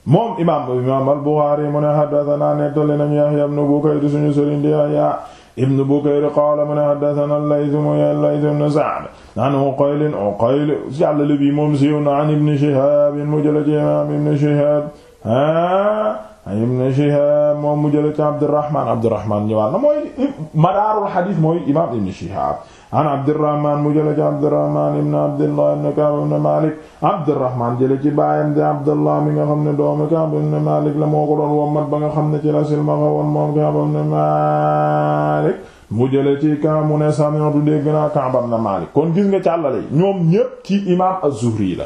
moom imaam imaam al-Buxaari mu ne xaddatanaa nettali nañu Yahyaa ibnu Bukayr suñu sëriñ di Yahyaa ibn Bukayr qaala mu ne haddathana al-Layth mu al-Layth ibn Sa'd an Uqayl Uqayl jàllale bi moom siiw na an ibn Shihab mu jële ci imaam ibn Shihab ah, an ibn Shihab moom mu jële ci Abdurrahman Abdurrahman ñëwaat na mooy madaarul hadiis mooy imaam ibn Shihab an Abdurrahman mu jële ci Abdurrahman ibn Abdullah ibn Ka'b ibn Malik Abdurrahman jële nga xam ne doomu Ka'b ibn Malik la moo ko doon ba nga xam ne ci la silmaxa woon moom Ka'b ibn Malik mu jële ci Ka'b mu ne sami'tu dégg naa Ka'b ibn Malik kon gis nga càllale ñoom ñépp ci imam az-Zuhri la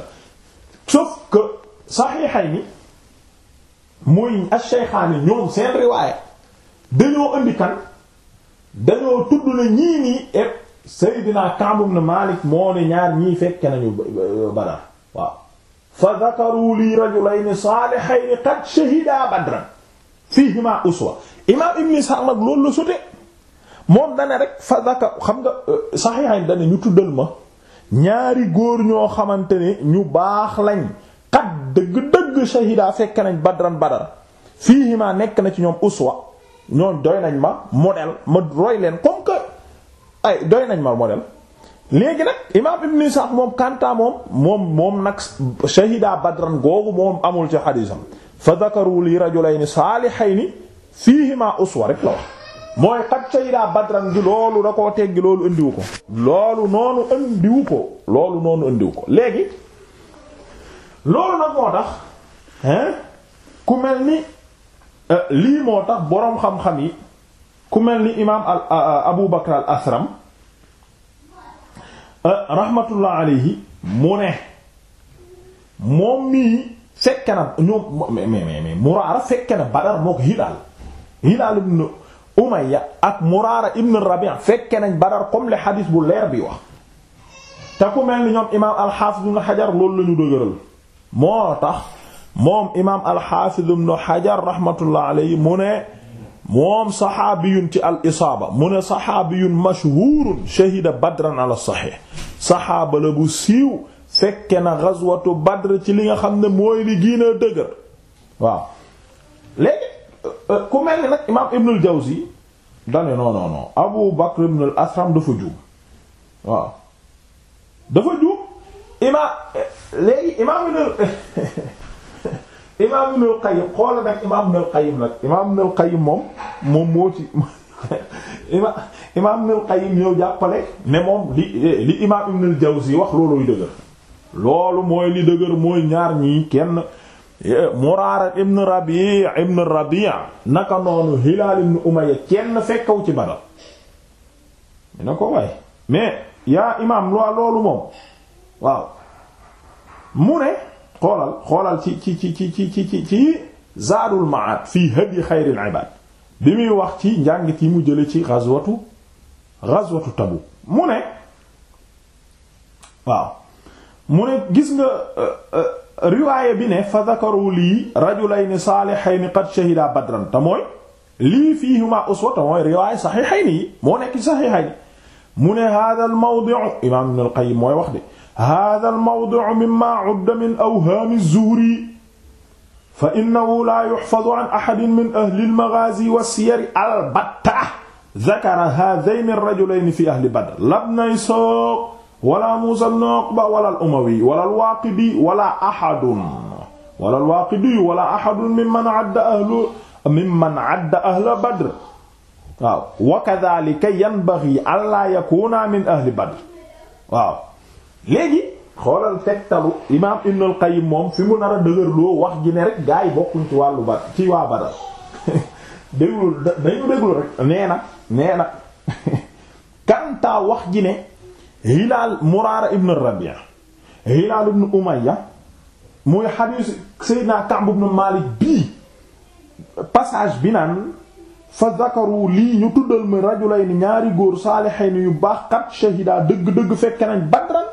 sauf que Sahihayni muy ash-Shaykhaani ñoom seen riwaaya dañoo indi dañoo tudd na ñii Seydina Ka'b ibn Malik moo ne ñaar ñii fekke nañu Badar waaw fa zakaru lii rajulayni saalihayni qad shahida badran fiihima uswa imaam Ibn Sa'd loolu la sotee moom dana rek fa zakar xam nga euh, saxiixayn dana ñu tuddal ma ñaari góor ñoo xamante ne ñu baax lañ qad dëgg-dëgg shahida fekk nañ badran fii fiihima nekk na ci ñoom uswa ñoom doy nañ ma modèle ma roy leen comme que ay doy nañ ma modèle léegi nag imaam ibn Isaaq moom Kanta moom moom moom nag shahida badran googu moom amul ci xadiisam fa dakaru li rajulayni saalihayni fiihimaa uswa rek la wax mooy xat shahida badran gi loolu da koo teggi loolu indiwu ko loolu noonu indiwu ko loolu noonu indiwu ko léegi loolu nag moo tax hein ku mel ni euh, lii moo tax boroom xam-xam yi ku mel ni imaam al Abu Bakr al Asram rahmatullah alayhi mu ne moom mii fekke na ñoom mais mais mais Muraara fekke na Badar moo ko Hilaal Hilaal ibn Umayya ak Muraara ibn Rabi' fekke nañ Badar comme le xadis bu leer bi wax te ku mel ni ñoom imaam al-Hafiz ibn Hajar loolu la ñu dëgëral moo tax moom imaam al-Hafiz ibn Hajar rahmatullah alayhi mu ne moom saxaabiyun ci al isaaba mu ne saxaabiyun mashhuurun shahida badran ala saxiix saxaaba la bu siiw fekke na gazwatu badr ci li nga xam ne mooy li gën a dëgër waaw léegi euh, euh, ku mel nag imaam ibnul jawzi dane non abu bakr ibnul asram dafa juum waaw dafa juum imaam euh, léegi imaam ibnul imaam Ibnul Qayyim xoola nag imaam Ibnul Qayyim nag imaam Ibnul Qayyim moom moom moo ci ima imaam Ibnul Qayyim ñëw jàppale ne moom li li imaam Ibnul Jawzi wax looluy dëgër loolu mooy li dëgër mooy ñaar ñii kenn Muraara ibn Rabi' ibn Rabi' naka noonu Hilaal ibn Umayya kenn fekkaw ci Badar na ko waaye mais yaa imaam loolu moom waaw mu ne xoolal xoolal ci ci ci ci ci ci ci zaadul maad fii hadi xayril bi muy wax ci njàngit yi mu jële ci ghazwatu ghazwatu Tabuk mu ne waaw mu ne gis nga euh, euh, riwaaya bi ne fa dhakaru lii rajulayni saalihayni qad shahida badran te mooy lii fiihima uswa te mooy riwaaya saxiixayni yi moo nekk saxiixayni mu ne haadha al imaam Ibn al mooy wax de hada almawdiu mimma udda min awhaami zuhri fa innahu la yuhfadu an ahadin min ahli almaghazi wassiyari albatta zakara haadayni rajulayni fi ahli badr labna Ishaaq wala Muusaa ibn Uqba wala al-Umawi wala al-Waaqidi wala ahadun wala al-Waaqidi wala ahadun mimman adda ahlu mimman adda ahla Badr waaw wa kadhaalika yanbaghii allaa yakuuna min ahli Badr waaw léegi xoolal tegtalu imaam Ibn al moom fi mu nar a loo wax ji ne rek gaa yi bokkuñ ci wàllu ba ci waa Badar déglu dañu déglu rek nee na nee na kantaa wax ji ne Hilaal Muraara ibn Rabi'a Hilaal ibn Umayya muy xadiis Seydina Ka'b ibn Maalik bii passage bi naan fa zakaru lii ñu tuddal mi rajulayni ñaari góor saalihayn yu baax kat shahida dëgg-dëgg fekke nañ Badran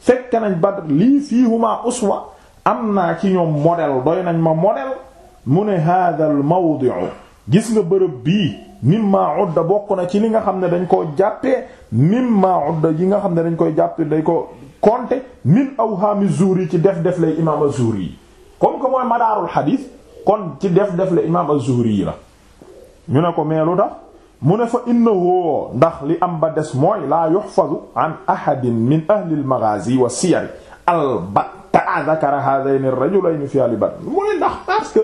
fekk nañ Badr lii fiihuma uswa am naa ci ñoom modèle doy nañ ma modèle mu ne hadha al mawdi'u gis nga bërëb bii mimma udda bokk na ci li nga xam ne dañ koo jàppee mimma udda yi nga xam ne dañ koy jàppee dañ ko compter min awhaami Zuhri ci def def lay imaam az-Zuhri yi comme que mooy madaarul xadiis kon ci def def la imaam az-Zuhri yi la ñu ne ko meelu tax mu ne fa innahu ndax li am ba des mooy laa yuhfazu an ahadin min ahli al-maghazi wa siyar albatta zakara hadayn ar-rajulayni fi ali badr mooy ndax parce que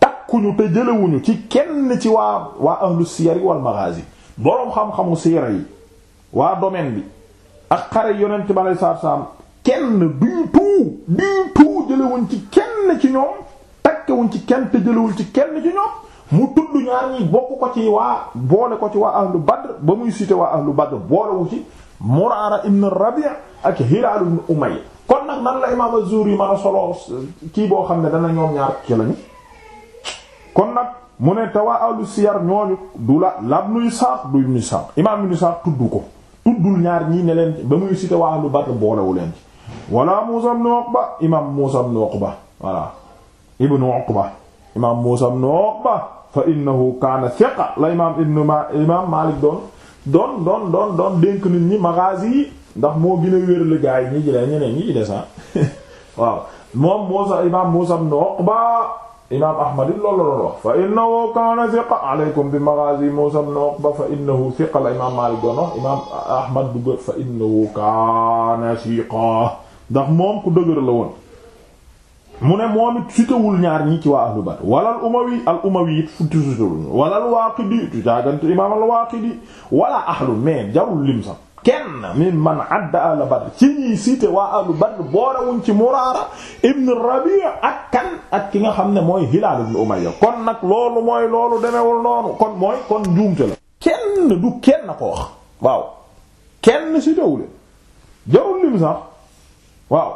takkuñu te jëlewuñu ci kenn ci waa waa ahlu siyar wal maghazi boroom xam-xamu siira yi waa domaine bi ak xare yonent bi alei satu salaam kenn du tout du tout jëlewuñ ci kenn ci ñoom takkewuñ ci kenn te jëlewuñ ci kenn ci ñoom mu tudd ñaar ñi bokk ko ci waa boole ko ci waa ahlu badr ba muy cité waa ahlu badr boolewu ci muraara ibn rabi' ak hilaal ibn kon nag nan la imaam az yi ma a solo kii boo xam ne dana ñoom ñaar ci lañu kon nag mu ne te waa ahlu siyar ñooñu du la labnu isaaq du ibn isaaq imaam ibn tudd ko tuddul ñaar ñii ne leen ba muy cité waa ahlu badr boolewu leen ci wala muusa ibn uqba imaam muusa ibn uqba wala ibn uqba imaam Muusaa ibn Uqba fa innahu kaana thiqa la imaam ibn ma imaam Maalik doon doon doon doon doon dénk nit ñi magaazi yi ndax moo gën a wér la gaa yi ñi jëlee ñeneen ñi ci des ah. waaw moom Muusaa imaam Muusaa ibn Uqba imaam Ahmad loolu la doon wax fa innahu kaana thiqa alaykum bi magaazi Muusaa ibn Uqba fa innahu thiqa la imaam Maalik doon wax imaam Ahmad dugg fa innahu kaana thiqa ndax moom ku dëgër la woon. mu ne moom it ñaar ñi ci waa ahlu Badr wala al umawi al umawi it futti sutewul wala al waaqidi tu jaagante imaam al waaqidi wala ahlu mais jarul lim sax kenn min man adda ahlu Badr ci ñiy cité waa ahlu Badr boorewuñ ci Muraara ibn Rabi' ak kan ak ki nga xam ne mooy Hilaal ibn Umayya kon nag loolu mooy loolu demewul noonu kon mooy kon njuumte la kenn du kenn ko wax waaw kenn citewuleen jarul lim waaw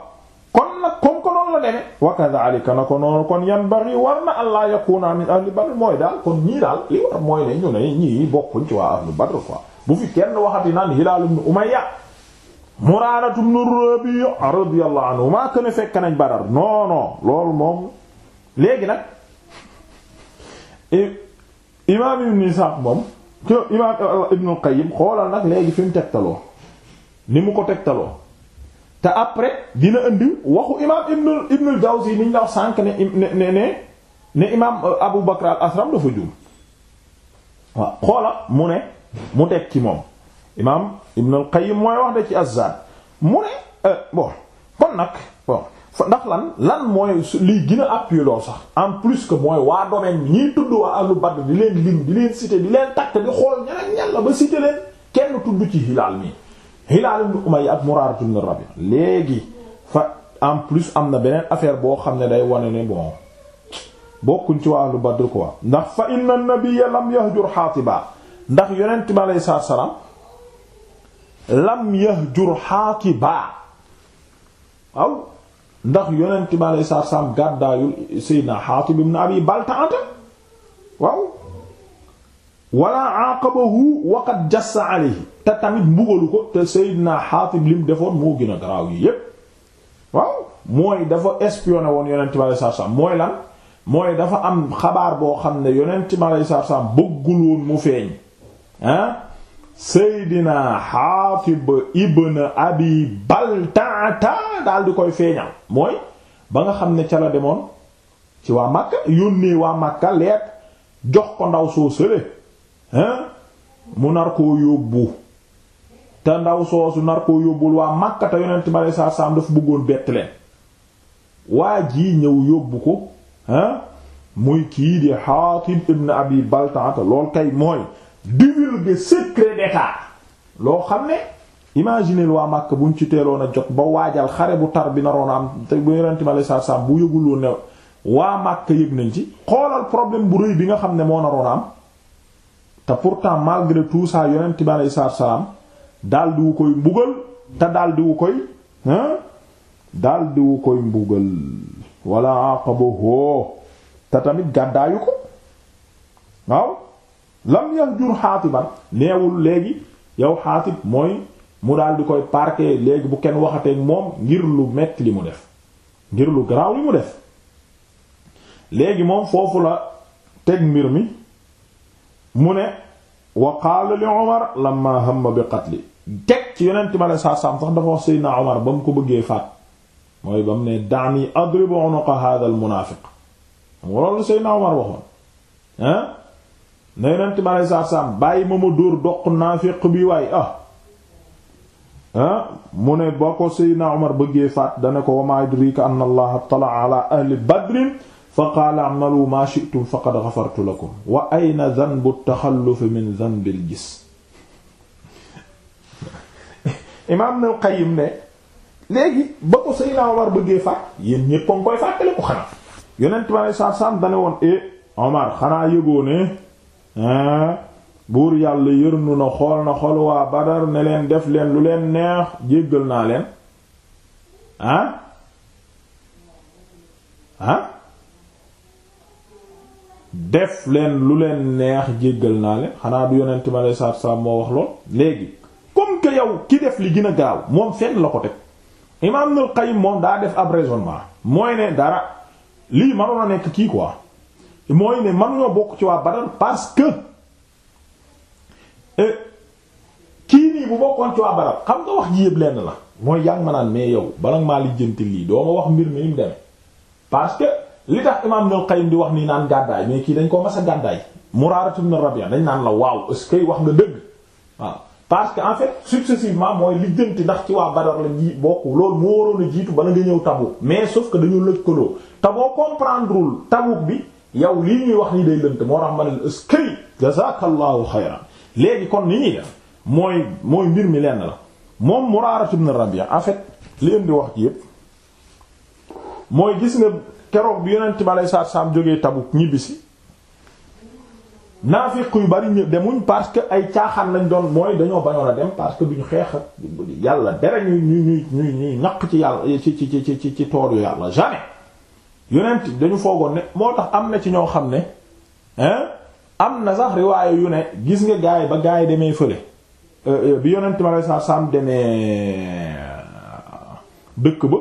kon nag noonu wa ko noonu kon ci waa ahli badr quoi bu fi kenn maa kën a fekk nañ badar loolu moom léegi nag imaam ibn isaaq moom imaam ibn qayyim xoolal nag léegi fi mu tegtaloo ni mu ko tegtaloo te après dina indi waxu imaam ibnu ibnu al-Jawzi niñ la wax sànq ne ne ne ne imaam euh, Abu Bakr al-Asram dafa juum waaw xoola mu ne mu teg ci moom imaam Ibn al-Qayyim mooy wax de ci Az-Zaad mu ne euh, bon kon nag bon ndax lan lan mooy liy gën a sax en plus que mooy waa domaine bi ñiy tudd waa ahlu Badr di leen lim di leen citer di leen takk di xool ñan ak la ba citer leen kenn tudd ci Hilaal mi Hilaal ibn Umayya ak Muraara ibn Rabi léegi fa en plus am na beneen affaire boo xam ne day wane ne bon bokkuñ ci wàllu Badr quoi ndax fa inna nabiyya lam yahjur Haatiba ndax yonent bi alayhi salaatu salaam lam yahjur Haatiba aw ndax yonent bi alayhi salaam gàddaayul Seydina Haatib ibn Abi Balta'a ah waaw wala aqabahu wa qad jassa te tamit mbugalu ko te Seydina Xaatib lim defoon moo gën a garaaw yi yépp waaw mooy dafa espionné woon yonent bi alayhi salaam mooy lan mooy dafa am xabaar boo xam ne yonent bi alayhi salaam bëggul mu feeñ ah Seydina Xaatib ibn Abi Baltaata daal di koy feeñal mooy ba nga xam ne ca la demoon ci waa Makka yónnee waa Makka leet jox ko ndaw soo sële mu nar koo yóbbu te ndaw soosu nar koo yóbbul waa Makka te yonent ma lay saa saam dafa bëggoon bett waa jii ñëw yóbbu ko ah muy kii di Hatib ibn Abi Baltaa te lool kay mooy divulguer secret d'état loo xam ne imaginez waa Makka buñ ci teeloon a jot ba waajal xare bu tar bi naroon a am te bu yonent ma lay saa saam bu yëguloo ne waa Makka yëg nañ ci xoolal problème bu rëy bi nga xam ne moo naroon a am te pourtant malgré tout ça yonent bi aleyhi salaatu salaam daal di koy mbugal te daldiwu di daldiwu koy ah daal di wu koy te tamit gàddaayu ko waaw lam yahjur xaatiban neewul léegi yow xaatib mooy mu daal koy parke léegi bu kenn waxatee moom ngir lu metti li mu def ngir lu garaaw li mu def léegi moom foofu la teg mbir mi mu ne wa qaala li Omar lamma hamma bi qatli teg ci yonent ma la saa saam sax dafa wax Seydina Omar ba mu ko bëggee faat mooy ba mu ne da'ni adrib unuqa hadha al munaafiq loolu Seydina Omar waxoon ah ne yonent ma la saa saam bàyyi ma ma dóor doq naafiq bi waaye ah ah mu ne boo ko Seydina Omar bëggee faat dana ko wa ma yudrika anna Allaha ittala'a ala ahli badrin fa qaala amalu maa shi'tum faqad ghafartu lakum wa ayna dhanbu at-takhalluf min dhanbi al-jism imaam Ibnul Qayyim ne léegi ba ko Seydina Omar bëggee fàtt yéen ñépp a ngi koy fàttali ko xanaa yonent ma ne woon e Omar xanaa yëgoo ne buur yàlla yërnu na xool na xol waa Badar ne leen def leen lu leen neex jéggal naa leen ah ah def leen lu leen neex jéggal naa leen xanaa du yonent ma lay saat saam moo wax lool léegi comme que yow ki def li gën a gaaw moom fenn la ko teg imaam Ibnul Qayyim moom daa def ab raisonnement mooy ne dara lii mënoon a nekk kii quoi mooy ne mënuñoo bokk ci waa Badar parce eh, kii nii bu bokkoon ci waa Badar xam nga wax ji yëpp lenn la mooy yaa ma naan mais yow bala maa lijjanti lii doo ma wax mbir mi ni mu demee parce li tax imaam Ibn Qayyim di wax ni naan gàddaay mais kii dañ koo mas a gàddaay Muraaratu ibn Rabi'a dañ naan la waaw est wax nga dëgg waaw parce que en fait successivement mooy lijjanti ndax ci waa Badar la ji bokk loolu moo waroon a jiitu bala nga ñëw Tabuk mais sauf que dañu lëkkaloo te boo comprendrewul Tabuk bi yow lii ñuy wax nii day lënt moo tax ma ne la est-ce que jazaakallahu xayran léegi kon ni ñuy def mooy mooy mbir mi lenn la moom Muraaratu ibn Rabi'a en wax ji yépp gis nga. keroog bi yonent bi aleyhi salaatu salaam jógee Tabuk ñibbisi naafiq yu bari ñëpp demuñ parce que ay caaxaan lañ doon mooy dañoo bañoon a dem parce que bu ñu xeex ak yàlla dara ñu ñu ñu ñuy ñaq ci yàlla ci ci ci ci ci toolu yàlla jamais yonent dañu foogoon ne moo tax am na ci ñoo xam ne hein am na sax riwaaye yu ne gis nga gaay ba gaay demee fële euh, euh, bi yonent bi aleyhi salaatu salaam demee euh, dëkk ba.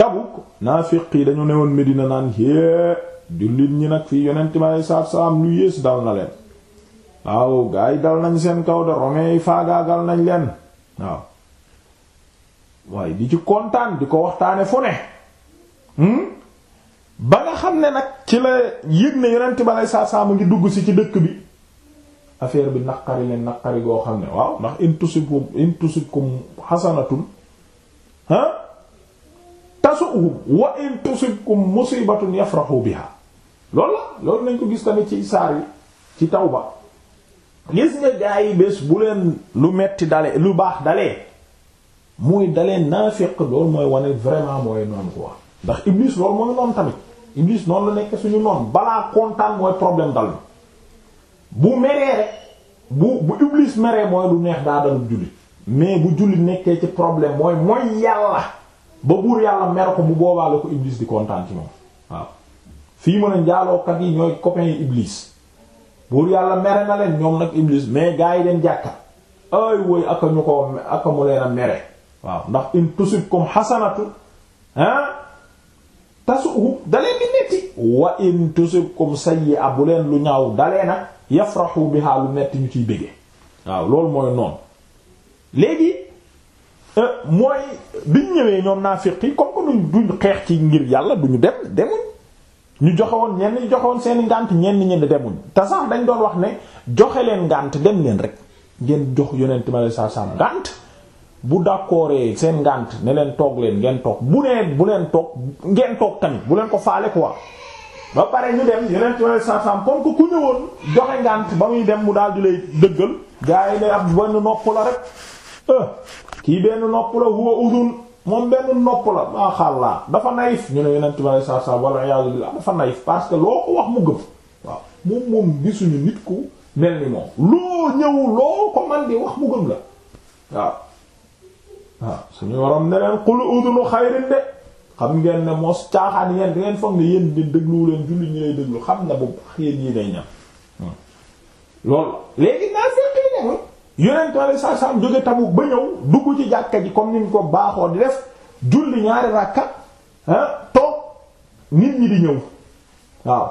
Tabuk naafiq yi dañu newoon Medina naan yée jullit ñi nag fii yonent bi alei salaatu salaam lu yées dal na leen waaw gaa yi dal nañ seen kaw de romain yi faagaagal nañ leen waaw waaye di ci kontaan di ko waxtaane fu ne hmm? ba nga xam ne nag ci la yëg ne yonent bi alei salaatu salaam ngi dugg si ci dëkk bi affaire bi naqari leen naqari goo xam ne waaw ndax in tusibkum in tusibkum hasanatun ha tasuhum wa in tusibkum musibatun yafrahu biha loolu la loolu nañ ko gis tamit ci saar yi ci tawba gis nga gaa yi bés bu leen lu metti dale lu baax dalee muy dalee naafiq loolu mooy wane vraiment mooy noonu quoi ndax iblis loolu mooy noonu tamit iblis noonu la nekk suñu noonu balaa kontaan mooy problème dal bu meree rek bu bu meree mooy lu neex daa dalul jullit mais bu jullit nekkee ci problème mooy mooy yàlla ba buur yàlla mer ko bu boobaa la ko iblis di kontaan ci moom waaw fii mën a njaalookat yi ñooy copains yi iblis buur yàlla mere na leen ñoom nag iblis mais gaa yi dem jàkka ay woy aka ñu ko aka mu leen a mere waaw ndax in tusibkum hasanatu ah tasuhum daleen di netti wa in tusibkum sayyi'a bu leen lu ñaaw dalee nag yafrahu biha lu netti ñu ciy bëggee waaw loolu mooy noonu léegi Euh, mooy biñ ñëwee ñoom naa yi comme que duñ duñ xeex ci ngir yàlla du duñu dem demuñ ñu joxe woon ñenn ñu joxe seen ngànt ñenn ñenn demuñ te sax dañ doon wax ne joxe leen ngànt dem leen rek ngeen jox yonent ma lay sax saam ngànt bu dàkkooree seen ngànt ne leen toog leen ngeen toog bu nee bu leen toog ngeen toog tamit bu leen ko faale quoi ba pare ñu dem yonent ma lay sax saam comme que ku ñëwoon joxe ngànt ba muy dem mu daal di lay dëggal. gars yi ne ab benn nopp la kii benn nopp la huwa udun moom benn nopp la maa xàllaa dafa naïf ñu ne yonent bi sallallahu alayhi wa sallam wal iyaazu billaah dafa naïf parce que loo ko wax mu gëm waaw moom moom gisuñu nit ku mel ni moom loo ñëw loo ko man di wax mu gëm la waaw waaw suñu waroon ne leen qul xayrin de xam ngeen ne mos caaxaan yeen di ngeen foog ne yéen di déglu leen julli ñu lay déglu xam na bu baax yéen ñam hmm. loolu léegi naa yonent alayhi salaam jóge Tabuk ba ñëw dugg ci jàkka ji comme ni ñu ko baaxoo di def julli ñaari ràkka toog nit ñi di ñëw waaw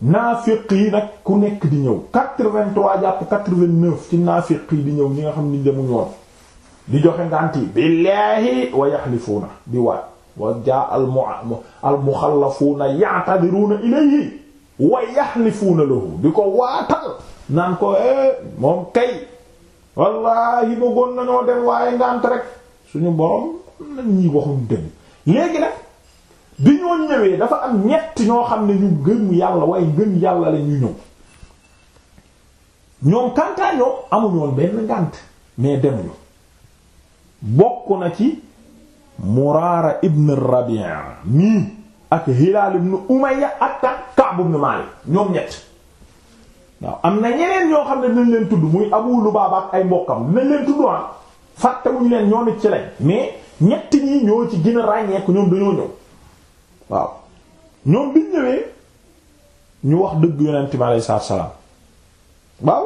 naafiq yi nag ku nekk di ñëw quatre-vingt-trois jàpp quatre-vingt-neuf ci naafiq di ñëw ñi nga xam ni demu ñoon di joxe ngànt yi billaahi wa yaxlifuuna di waat wa jaa al mu al muxallafuuna ya'tadiruuna ilayhi wa yaxlifuuna lahu di ko waatal naan ko eh, moom kay wallaahi bëggoon nañoo dem waaye ngant rek suñu borom nañ ñi waxuñ dëgg léegi nag bi ñoo ñëwee dafa am ñett ñoo xam ne ñu gëm yàlla waaye gëm yàlla la ñu ñëw ñoom kantaa ñoom amuñoon benn ngànt mais demuñu bokk na ci Muraara ibn Rabi'a nii ak Hilaal ibn Umayya ak Ka'b ibn Maalik ñoom ñett waaw am na ñeneen ñoo xam ne nañ leen tudd muy Abu Lubaaba ak ay mbokkam nañ leen tudd ah fàttewuñu leen ñoom it ci lañ mais ñett ñi ñoo ci gën a ràññeeku ñoom dañoo ñëw waaw ñoom biñ ñëwee ñu wax dëgg yonent mi alayhi salaatu salaam waaw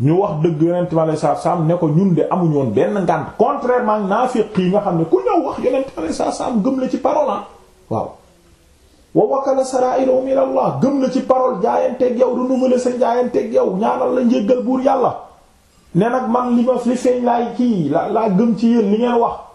ñu wax dëgg yonent mi alayhi salaatu salaam ne ko ñun de amuñu woon benn ngànt contrairement naafiq yi nga xam ne ku ñëw wax yonent mi alayhi salaatu salaam ci parole ah waaw. wa wakala sara'irum ila Allah gëm na ci parole jaayanteeg yow renouveler sa jaayanteeg yow ñaanal la njéggal buur yàlla ne nag man li ma li feeñ laay kii la laa gëm ci yéen li ngeen wax